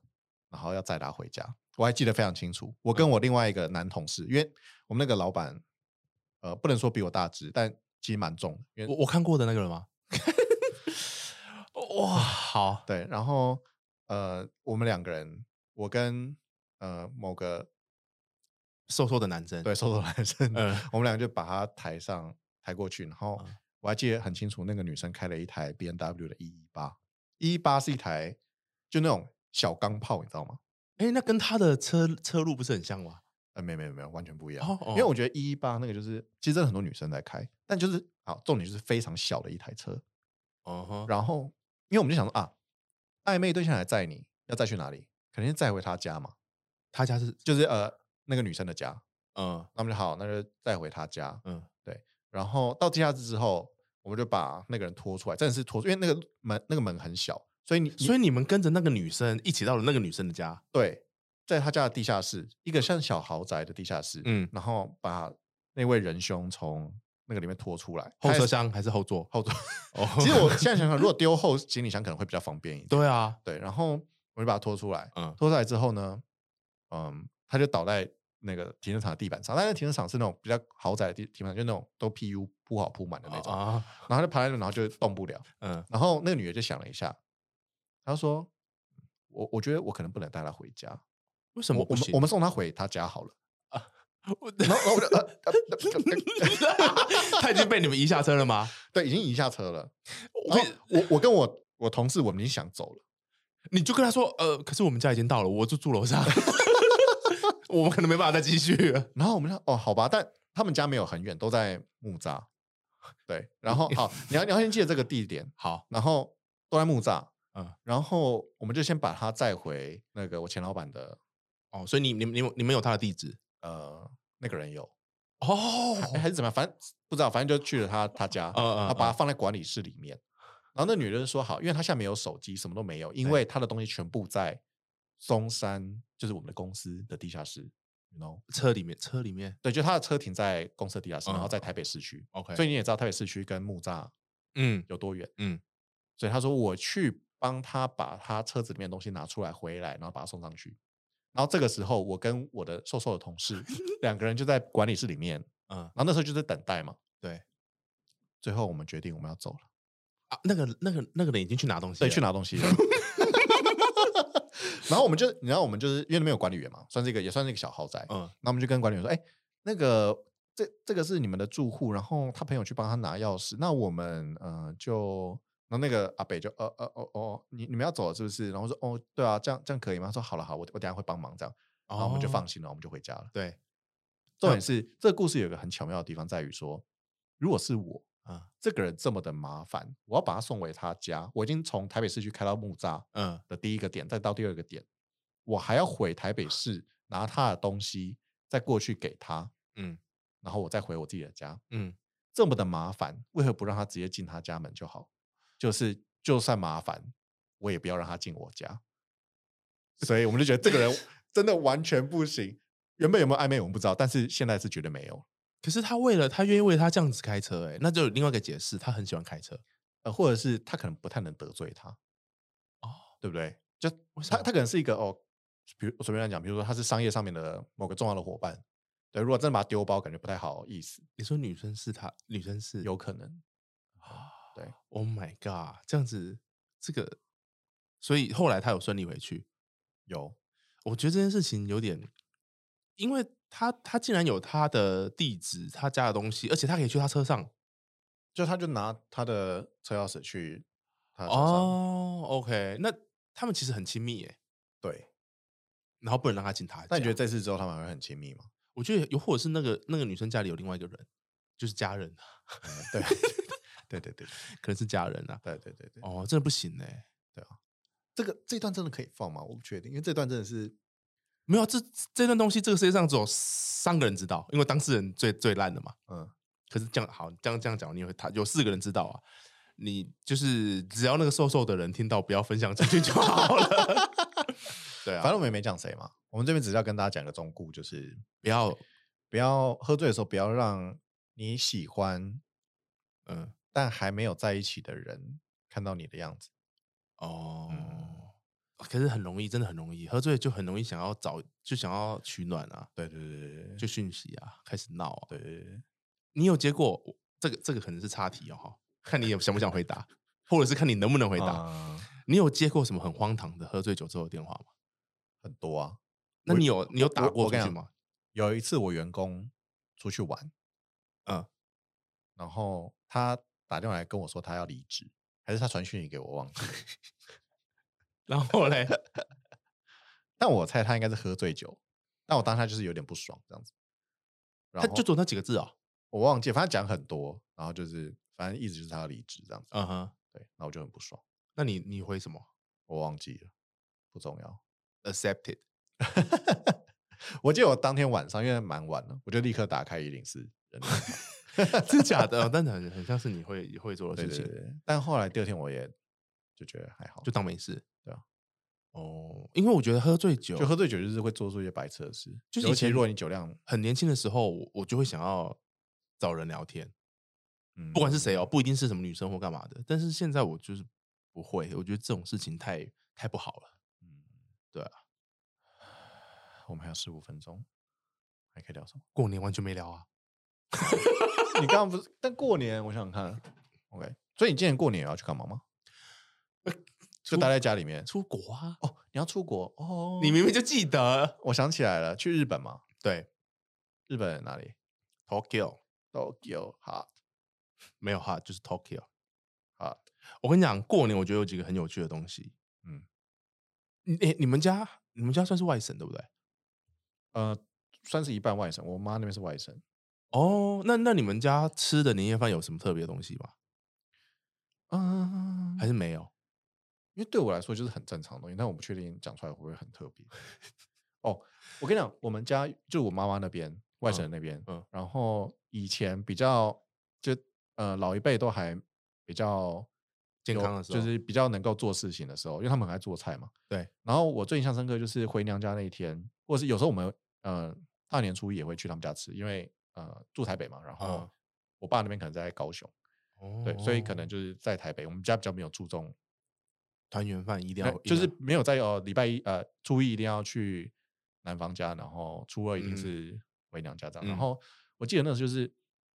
然後要載她回家。我還記得非常清楚，我跟我另外一個男同事，嗯、因為我們那個老板，呃，不能說比我大隻，但其實蠻重的。因為我我看過的那個人嗎？ 哇，好，對，然後呃，我們兩個人，我跟呃某個。瘦瘦的男生，對瘦瘦的男生的，嗯，我們兩個就把他抬上抬過去，然後我還記得很清楚，那個女生開了一台 B N W 的 E 一八，E 一八是一台就那種小鋼炮，你知道嗎？哎、欸，那跟他的車車路不是很像嗎？呃，沒有沒有沒有，完全不一樣。哦、因為我覺得 E 一八那個就是其實真的很多女生在開，但就是好，重點就是非常小的一台車。哦哼，然後因為我們就想說啊，曖昧對象來載你，要再去哪裡？肯定是載回他家嘛。他家是就是呃。那個女生的家，嗯，那麼就好，那就帶回她家，嗯，對。然後到地下室之後，我們就把那個人拖出來，真的是拖，因為那個門那個門很小，所以你所以你們跟着那個女生一起到了那個女生的家，對，在她家的地下室，一個像小豪宅的地下室，嗯，然後把那位仁兄從那個裡面拖出來，後車廂還是，還是後座後座，哦？其實我現在想想， 如果丟後行李箱可能會比較方便一點，對啊，對。然後我就把他拖出來，嗯，拖出來之後呢，嗯，他就倒在。那個停車場的地板上，但是停車場是那種比較豪宅的地，停車場就那種都 PU 鋪好鋪滿的那種，oh, 然後就爬在那，然後就動不了。嗯，然後那個女的就想了一下，她說：“我我覺得我可能不能帶她回家，為什麼不行？我們我們送她回她家好了。啊”啊，然後我就呃，他、 啊啊啊啊、 已經被你們移下車了嗎？對，已經移下車了。我我我跟我我同事，我們已經想走了，你就跟他說：“呃，可是我們家已經到了，我就住樓上。 ”我們可能沒辦法再繼續。 然後，我們說哦，好吧，但他們家沒有很遠，都在木柵，對。然後好，哦，你要你要先記得這個地點，好。然後都在木柵，嗯。然後我們就先把他載回那個我前老闆的，哦，所以你你你你們有他的地址，呃，那個人有，哦，還，還是怎麼樣，反正不知道，反正就去了他他家，哦，他把他放在管理室裡面，嗯嗯嗯，然後那女人說好，因為他現在沒有手機，什麼都沒有，因為他的東西全部在。中山就是我們的公司的地下室 you know? 車裡面車裡面對，就他的車停在公司的地下室。嗯，然後在台北市區，OK，所以你也知道台北市區跟木柵嗯有多遠嗯，嗯，所以他說我去幫他把他車子裡面的東西拿出來，回來然後把他送上去，然後這個時候我跟我的瘦瘦的同事 兩個人就在管理室裡面，嗯，然後那時候就在等待嘛，對，最後我們決定我們要走了，啊、那個那個那個人已經去拿東西，對，去拿東西了。 然後我們就，你知道我們就是因為那邊有管理員嘛，算是一個也算是一個小豪宅。嗯，那我們就跟管理員說：“哎，那個這這個是你們的住戶，然後他朋友去幫他拿鑰匙。那我們嗯、呃、就，然後那個阿北就呃呃哦哦、呃呃呃，你你們要走了是不是？然後說哦對啊，這樣這樣可以嗎？他說好了好了，我我等一下會幫忙這樣。然後我們就放心了，哦、然後我們就回家了。對，重點是這個故事有個很巧妙的地方在於說，如果是我。”啊，這個人這麼的麻煩，我要把他送回他家。我已經從台北市區開到木柵，嗯，的第一個點、嗯，再到第二個點，我還要回台北市拿他的東西，再過去給他，嗯，然後我再回我自己的家，嗯，這麼的麻煩，為何不讓他直接進他家門就好？就是就算麻煩，我也不要讓他進我家。所以我們就覺得這個人真的完全不行。 原本有沒有曖昧我們不知道，但是現在是絕對沒有。可是他為了他願意為他這樣子開車哎、欸，那就有另外一個解釋，他很喜歡開車，呃，或者是他可能不太能得罪他，哦、對不對？就想想他他可能是一個哦，比如我隨便講，比如說他是商業上面的某個重要的夥伴，對，如果真的把他丟包，感覺不太好意思。你說女生是他，女生是有可能，嗯、對，Oh my god，這樣子這個，所以後來他有順利回去，有，我覺得這件事情有點，因為。他他竟然有他的地址，他家的東西，而且他可以去他車上，就他就拿他的車鑰匙去。哦、oh，OK，那他們其實很親密耶。對。然後不能讓他進他，但你覺得這次之後他們還會很親密嗎？我覺得有，或者是那個那個女生家裡有另外一個人，就是家人、啊嗯對，啊、 對對對對可能是家人啊。對對對對。哦，真的不行哎。對啊。這個這一段真的可以放嗎？我不確定，因為這一段真的是。沒有，這這段東西，這個世界上只有三個人知道，因為當事人最最爛的嘛。嗯。可是這樣好，這樣這樣講，你也會有四個人知道啊。你就是只要那個瘦瘦的人聽到，不要分享出去就好了。 對啊，反正我也沒講誰嘛。我們這邊只是要跟大家講一個忠告，就是不要、嗯、不要喝醉的時候，不要讓你喜歡，嗯，但還沒有在一起的人看到你的樣子。哦。嗯可是很容易，真的很容易，喝醉就很容易想要找，就想要取暖啊！對對對,對就訊息啊，開始鬧啊！對,對,對,對你有接過這個這個可能是岔題哦，看你有想不想回答， 或者是看你能不能回答。嗯、你有接過什麼很荒唐的喝醉酒之後的電話嗎？很多啊！那你有你有打過嗎？有一次我員工出去玩，嗯，然後他打電話來跟我說他要離職，還是他傳訊息給我忘了。 然後嘞， 但我猜他應該是喝醉酒，但我當下就是有點不爽這樣子然後。他就做那幾個字哦，我忘記，反正講很多，然後就是反正意思就是他要離職這樣子。嗯哼，對，那我就很不爽。那你你回什麼？我忘記了，不重要。Accepted。 我記得我當天晚上，因為蠻晚了，我就立刻打開104。真的。是假的？哦， 但是很很像是你會會做的事情對對對。但後來第二天我也。就覺得還好，就當沒事，對啊。哦，因為我覺得喝醉酒，就喝醉酒就是會做出一些白痴的事。就是，尤其如果你酒量很年輕的時候我，我就會想要找人聊天，嗯，不管是誰哦，不一定是什麼女生或幹嘛的。但是現在我就是不會，我覺得這種事情太太不好了。嗯，對啊。我們還有十五分鐘，還可以聊什麼？過年完全沒聊啊！ 你剛剛不是？但過年我想想看，OK。所以你今年過年也要去幹嘛嗎？就待在家裡面，出國啊？哦，你要出國哦？Oh, 你明明就記得，我想起來了，去日本嘛？對，日本哪裡？Tokyo，Tokyo，好，Tokyo, Tokyo, hot. 沒有 hot，就是 Tokyo，好。Hot. 我跟你講，過年我覺得有幾個很有趣的東西。嗯，你你們家，你們家算是外省對不對？呃，算是一半外省，我媽那邊是外省。哦，那那你們家吃的年夜飯有什麼特別的東西嗎？啊、嗯，還是沒有。因為對我來說就是很正常的東西，但我不確定講出來會不會很特別。 哦，我跟你講，我們家就是我媽媽那邊，外省那邊，嗯，嗯，然後以前比較就呃老一輩都還比較健康的時候，就是比較能夠做事情的時候，因為他們很愛做菜嘛。對。然後我最印象深刻就是回娘家那一天，或者是有時候我們呃大年初一也會去他們家吃，因為呃住台北嘛，然後我爸那邊可能在高雄。哦，對，所以可能就是在台北，我們家比較沒有注重。團圓飯一定要，就是沒有在哦。禮拜一呃初一一定要去男方家，然後初二一定是回娘家這樣。嗯、然後我記得那時候就是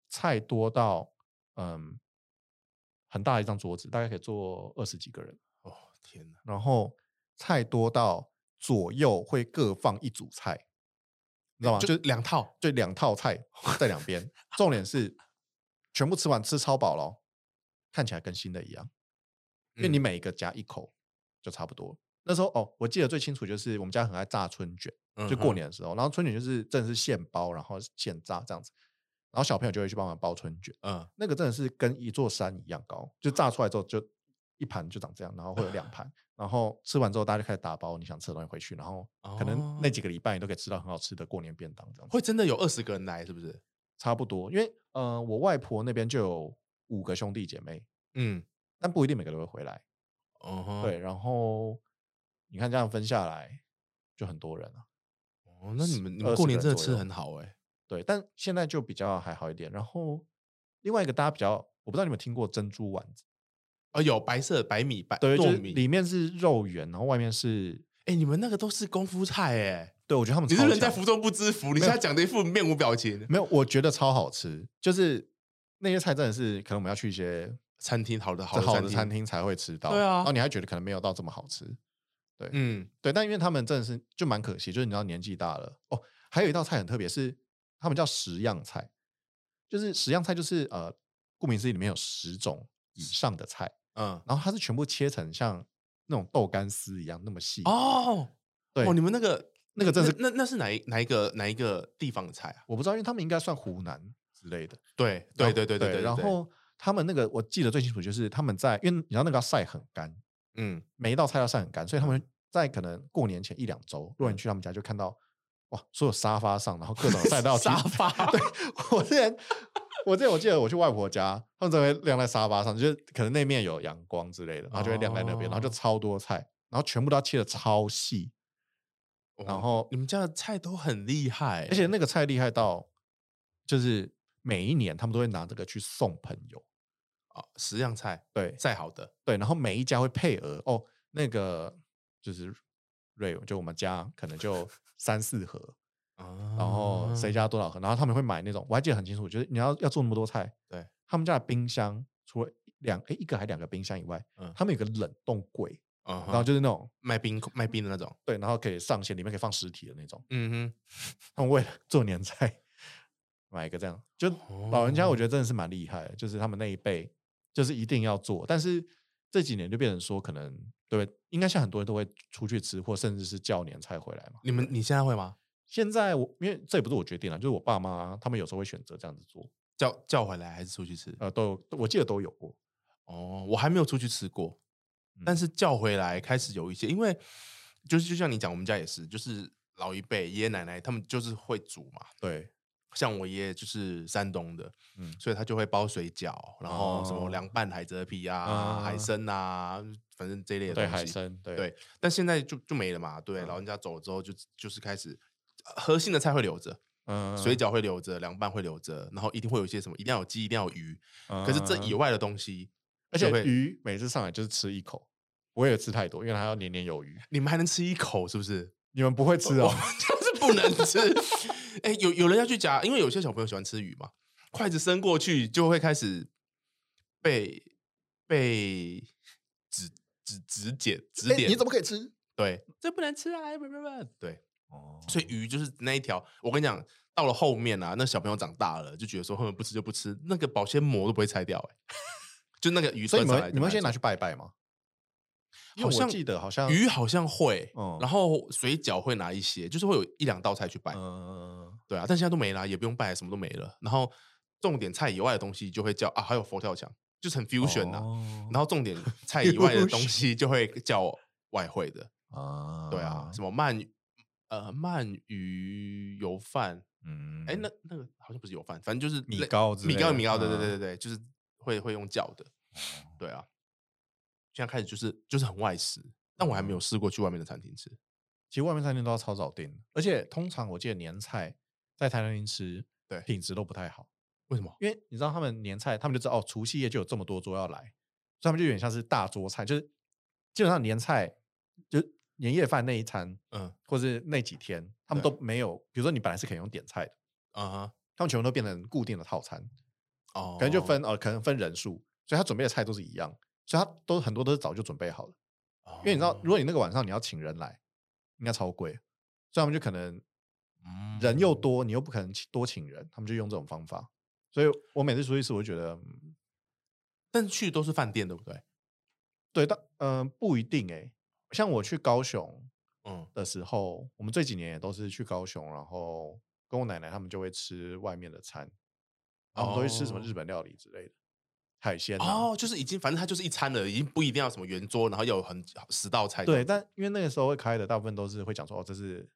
菜多到嗯很大一張桌子，大概可以坐二十幾個人哦天吶，然後菜多到左右會各放一組菜，嗯、你知道嗎？就兩套，就兩套菜在兩邊。 重點是全部吃完，吃超飽了，看起來跟新的一樣。因為你每一個夾一口就差不多、嗯。那時候哦，我記得最清楚就是我們家很愛炸春捲、嗯，就過年的時候，然後春捲就是真的是現包，然後現炸這樣子，然後小朋友就會去幫忙包春捲，嗯，那個真的是跟一座山一樣高，就炸出來之後就一盤就長這樣，然後會有兩盤、嗯，然後吃完之後大家就開始打包，你想吃的東西回去，然後可能那幾個禮拜你都可以吃到很好吃的過年便當這樣。會真的有二十個人來是不是？差不多，因為呃，我外婆那邊就有五個兄弟姐妹，嗯。但不一定每個都會回來，uh -huh. 對，然後你看這樣分下來就很多人了，哦，那你們你們過年真的吃很好哎、欸，對，但現在就比較還好一點。然後另外一個大家比較，我不知道你們聽過珍珠丸子？啊、哦，有白色白米白糯米，裡面是肉圓，然後外面是，哎、欸，你們那個都是功夫菜哎、欸，對我覺得他們你是，是人在福中不知福，你現在講的一副面無表情。沒有，我覺得超好吃，就是那些菜真的是，可能我們要去一些。餐廳好的好的好的餐廳才會吃到，對啊，然後你還覺得可能沒有到這麼好吃，對，嗯，對，但因為他們真的是就蠻可惜，就是你知道年紀大了哦，還有一道菜很特別是，是他們叫十樣菜，就是十樣菜就是呃，顧名思義裡面有十種以上的菜，嗯，然後它是全部切成像那種豆干絲一樣那麼細，哦，對，哦，你們那個那個真的是那那，那是哪一哪一個哪一個地方的菜啊？我不知道，因為他們應該算湖南之類的，對，對，對，對，對，對，對，對，對，然後。對對對對他們那個我記得最清楚，就是他們在，因為你知道那個要曬很乾，嗯，每一道菜都要曬很乾，所以他們在可能過年前一兩周，如果你去他們家，就看到哇，所有沙發上，然後各種菜都 沙發。對，我之前，我記得我記得我去外婆家， 他們都會晾在沙發上，就是可能那面有陽光之類的，然後就會晾在那邊，哦，然後就超多菜，然後全部都要切的超細。然後、哦，你們家的菜都很厲害，而且那個菜厲害到，就是每一年他們都會拿這個去送朋友。啊、哦，十樣菜，對，再好的，對，然後每一家會配額哦，那個就是睿，就我們家可能就三 四盒，啊， 然後誰家多少盒，然後他們會買那種，我還記得很清楚，就是你要要做那麼多菜，對，他們家的冰箱除了兩哎、欸、一個還兩個冰箱以外，嗯，他們有個冷凍櫃、嗯，然後就是那種賣冰賣冰的那種，對，然後可以上線，裡面可以放實體的那種，嗯哼， 他們為了做年菜買一個這樣，就老人家我覺得真的是蠻厲害的、哦，就是他們那一輩。就是一定要做，但是這幾年就變成說，可能對，對，應該像很多人都會出去吃，或甚至是叫年菜回來嘛。你們你現在會嗎？現在我因為這也不是我決定了，就是我爸媽他們有時候會選擇這樣子做，叫叫回來還是出去吃，呃，都有，我記得都有過。哦，我還沒有出去吃過，嗯，但是叫回來開始有一些，因為就是就像你講，我們家也是，就是老一輩爺爺奶奶他們就是會煮嘛，對。像我爺爺就是山東的，嗯、所以他就會包水餃，然後什麼涼拌海蜇皮啊、嗯、海參啊，嗯、反正這一類的東西。對海參，對。但現在就就沒了嘛。對，老、嗯、人家走了之後就，就就是開始核心的菜會留着，嗯，水餃會留着，涼拌會留着，然後一定會有一些什麼，一定要有雞，一定要有魚。嗯、可是這以外的東西，而且，而且魚每次上來就是吃一口，我也吃太多，因為它要年年有餘。你們還能吃一口是不是？你們不會吃哦，就是不能吃。 哎，有有人要去夾，因為有些小朋友喜歡吃魚嘛，筷子伸過去就會開始被被指指指點指點，你怎麼可以吃？對，這不能吃啊！對、哦，所以魚就是那一條。我跟你講，到了後面啊，那小朋友長大了就覺得說，後面不吃就不吃，那個保鮮膜都不會拆掉、欸。哎， 就那個魚就，所以你們你們先拿去拜拜嗎？好像，好像魚好像會、嗯，然後水餃會拿一些，就是會有一兩道菜去拜。嗯對啊，但現在都沒了，啊，也不用拜，什麼都沒了。然後重點菜以外的東西就會叫啊，還有佛跳牆，就是很 fusion 的，啊。Oh. 然後重點菜以外的東西就會叫外匯的啊，Oh. 對啊，什麼鰻呃鰻魚油飯，嗯，哎，那那個好像不是油飯，反正就是米糕的，米糕，米糕，對對對對對，Oh. 就是會會用叫的，對啊。現在開始就是就是很外食，但我還沒有試過去外面的餐廳吃。其實外面餐廳都要超早訂，而且通常我記得年菜。在台南吃，對品質都不太好。為什麼？因為你知道他們年菜，他們就知道哦，除夕夜就有這麼多桌要來，所以他們就有點像是大桌菜，就是基本上年菜就年夜飯那一餐，嗯，或是那幾天，他們都沒有。比如說你本來是可以用點菜的，啊、uh -huh，他們全部都變成固定的套餐，uh -huh、可能就分哦、呃，可能分人數，所以他準備的菜都是一樣，所以他都很多都是早就準備好了、uh -huh。因為你知道，如果你那個晚上你要請人來，應該超貴，所以他們就可能。人又多，你又不可能請多請人，他們就用這種方法。所以我每次出去吃，我就覺得，嗯、但去都是飯店，對不對？對，但、呃、嗯，不一定哎，欸。像我去高雄，嗯的時候，嗯、我們這幾年也都是去高雄，然後跟我奶奶他們就會吃外面的餐，然後他們都會吃什麼日本料理之類的，哦、海鮮、啊、哦，就是已經反正它就是一餐了，已經不一定要什麼圓桌，然後有很十道菜等等。對，但因為那個時候會開的，大部分都是會講說哦，這是。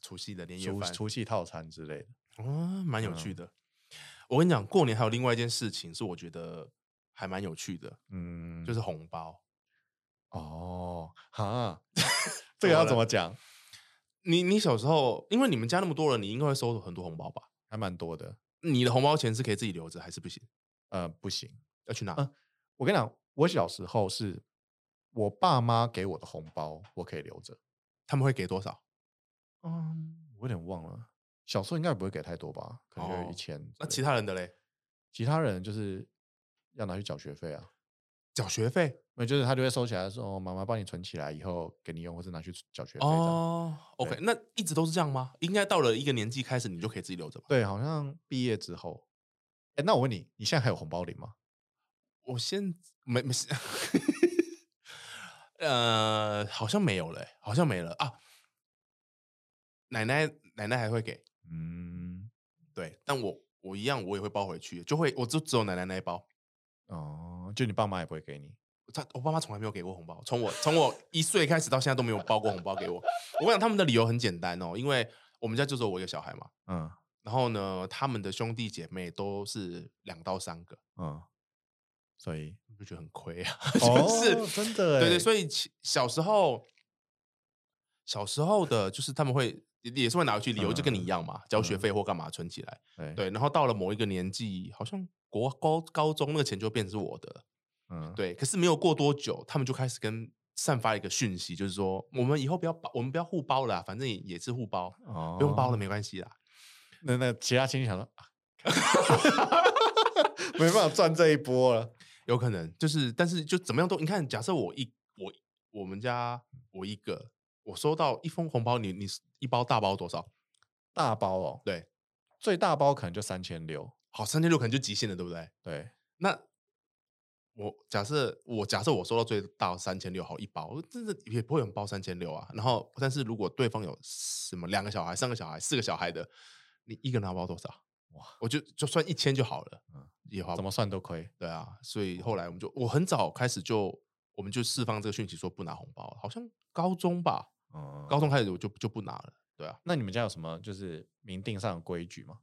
除夕的年夜飯、除夕套餐之類的，哦，蠻有趣的。嗯、我跟你講，過年還有另外一件事情是，我覺得還蠻有趣的，嗯，就是紅包。哦，哈， 這個要怎麼講？你你小時候，因為你們家那麼多人，你應該會收很多紅包吧？還蠻多的。你的紅包錢是可以自己留着，還是不行？呃、嗯，不行，要去拿、嗯。我跟你講，我小時候是我爸媽給我的紅包，我可以留着。他們會給多少？嗯、um，我有點忘了。小時候應該不會給太多吧，可能就一千，oh。那其他人的嘞？其他人就是要拿去繳學費啊？繳學費？沒有，就是他就會收起來的時候，說：“媽媽幫你存起來，以後給你用，或是拿去繳學費。Oh. ”哦，OK，那一直都是這樣嗎？應該到了一個年紀開始，你就可以自己留着吧？對，好像畢業之後。哎、欸，那我問你，你現在還有紅包領嗎？我現沒沒，沒 呃，好像沒有嘞、欸，好像沒了啊。奶奶奶奶還會給，嗯，對，但我我一樣，我也會包回去，就會，我就只有奶奶那一包，哦，就你爸媽也不會給你，他我爸媽從來沒有給過紅包，從我從我一歲開始到現在都沒有包過紅包給我， 我想他們的理由很簡單哦，因為我們家就是我一個小孩嘛，嗯，然後呢，他們的兄弟姐妹都是兩到三個，嗯，所以就覺得很虧啊，哦、 就是真的，對,對對，所以小時候小時候的，就是他們會。也也是會拿回去，理由、嗯、就跟你一樣嘛，交學費或幹嘛存起來、嗯，對。然後到了某一個年紀，好像國高高中那個錢就變成是我的，嗯，對。可是沒有過多久，他們就開始跟散發一個訊息，就是說我們以後不要包，我們不要互包了，反正也是互包，哦、不用包了，沒關係啦。那那其他親戚想說啊， 沒辦法賺這一波了， 有可能就是，但是就怎麼樣都，你看，假設我一我我們家我一個。我收到一封紅包，你你一包大包多少？大包哦，對，最大包可能就三千六，好，三千六可能就極限了，對不對？對，那我假設我假設我收到最大三千六，三千六，好，一包我真的也不會很包三千六啊。然後，但是如果對方有什麼兩個小孩、三個小孩、四個小孩的，你一個拿包多少？哇，我就就算一千就好了，嗯，也好，怎麼算都虧。對啊，所以後來我們就，我很早開始就，我們就釋放這個訊息說不拿紅包，好像高中吧。嗯，高中開始我就就不拿了，對啊。那你們家有什麼就是明定上的規矩嗎？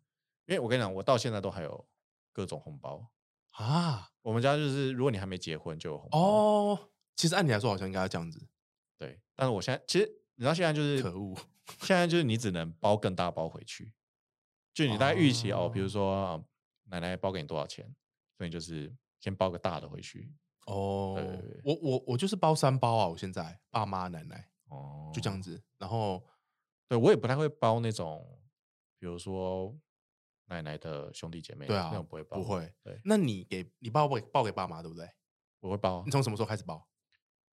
因為我跟你講，我到現在都還有各種紅包啊。我們家就是，如果你還沒結婚就有紅包。哦，其實按理來說好像應該要這樣子，對。但是我現在其實你知道現在就是可惡， 現在就是你只能包更大包回去。就你在預期哦，啊，比如說，呃，奶奶包給你多少錢，所以就是先包個大的回去。哦，對對對對。我我我就是包三包啊，我現在爸媽奶奶。哦，就這樣子。然後，對我也不太會包那種，比如說奶奶的兄弟姐妹，對啊，那種不會包，不會。對，那你給你包不給包給爸媽，對不對？我會包。你從什麼時候開始包？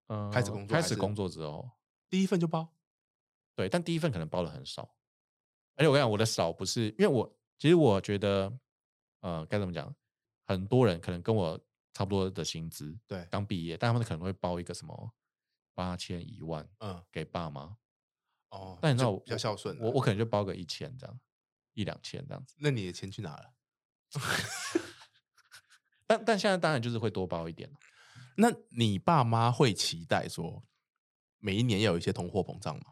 嗯、呃，開始工作，開始工作之後，第一份就包。對，但第一份可能包的很少。而且我跟你講，我的少不是因為我，其實我覺得，呃，該怎麼講？很多人可能跟我差不多的薪資，對，剛畢業，但他們可能會包一個什麼。八千一萬，嗯，給爸媽，哦，但你知道我比較孝順，我我可能就包個一千這樣，一兩千這樣子。那你的錢去哪了？ 但但現在當然就是會多包一點了。那你爸媽會期待說每一年有一些通貨膨脹嗎？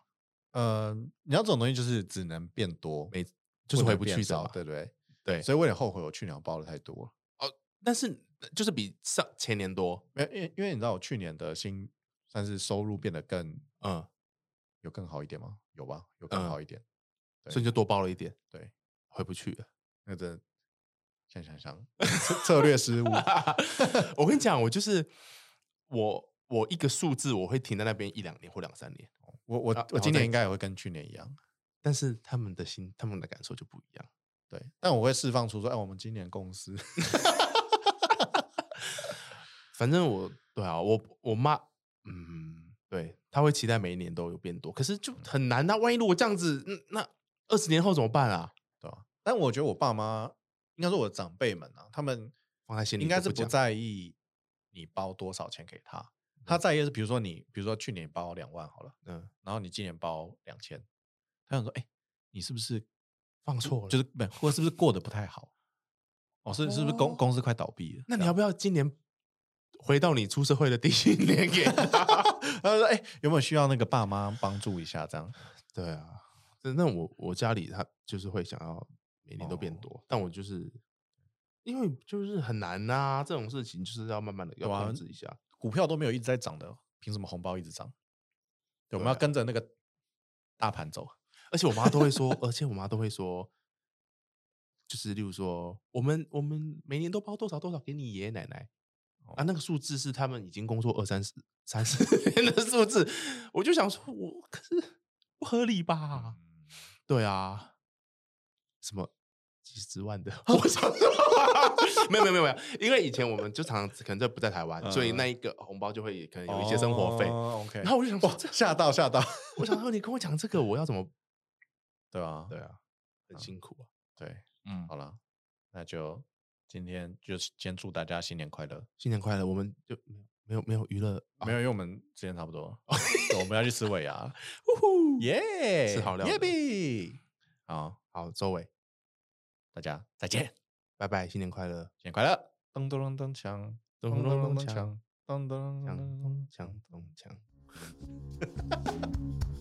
呃，你要這種東西就是只能變多，沒就是回不去找，對不對對，對。所以我有點後悔我去年我包的太多了。哦，但是就是比上前年多，沒因為因為你知道我去年的新。但是收入變得更嗯，有更好一點嗎？有吧，有更好一點、嗯，所以就多包了一點。對，回不去了，那真的想想想策略失誤。 我跟你講，我就是我我一個數字我會停在那邊一兩年或兩三年。我我我今年應該也會跟去年一樣，啊、但是他們的心他們的感受就不一樣。對，但我會釋放出說，哎、欸，我們今年公司， 反正我對啊，我我媽。嗯，對，他會期待每一年都有變多，可是就很難，啊。那，嗯，萬一如果這樣子，那二十年後怎麼辦啊？對吧，啊？但我覺得我爸媽，應該說我的長輩們啊，他們放在心裡應該是不在意你包多少錢給他，嗯，他在意的是比如說你，比如說去年包兩萬好了，嗯，然後你今年包兩千，他想說，哎，欸，你是不是放錯了？就是過是不是過得不太好？哦，是是不是公，哦，公司快倒閉了？那你要不要今年？回到你出社會的第一年，給他， 他說：“哎、欸，有沒有需要那個爸媽幫助一下？這樣，對啊，那我我家裡他就是會想要每年都變多，哦、但我就是因為就是很難啊，這種事情就是要慢慢的要控制一下。啊、股票都沒有一直在漲的、哦，憑什麼紅包一直漲？對，我們要跟着那個大盤走、啊。而且我媽都會說， 而且我媽都會說，就是例如說，我們我們每年都包多少多少給你爺爺奶奶。”啊，那個數字是他們已經工作二三十、三十年的數字，我就想說我，我可是不合理吧？嗯、對啊，什麼幾十萬的？哦、我想說， 沒有沒有沒有，因為以前我們就常常可能就不在台灣、嗯，所以那一個紅包就會可能有一些生活費。那、哦 okay、然後我就想，哇嚇到嚇到，我想說，你跟我講這個，我要怎麼？對啊，對啊，很辛苦啊，啊對，嗯，好了，那就。今天就先祝大家新年快樂！新年快樂！我們就沒有沒有娛樂，啊、沒有因為我們時間差不多， 我們要去吃尾牙。嗚呼 啊！耶、yeah, yeah,！吃好料，耶、yeah, 比！好好，周圍，大家再見，拜拜！新年快樂，新年快樂！咚咚咚咚鏘，咚咚咚咚鏘，咚咚咚咚鏘，咚鏘。哈哈哈哈哈。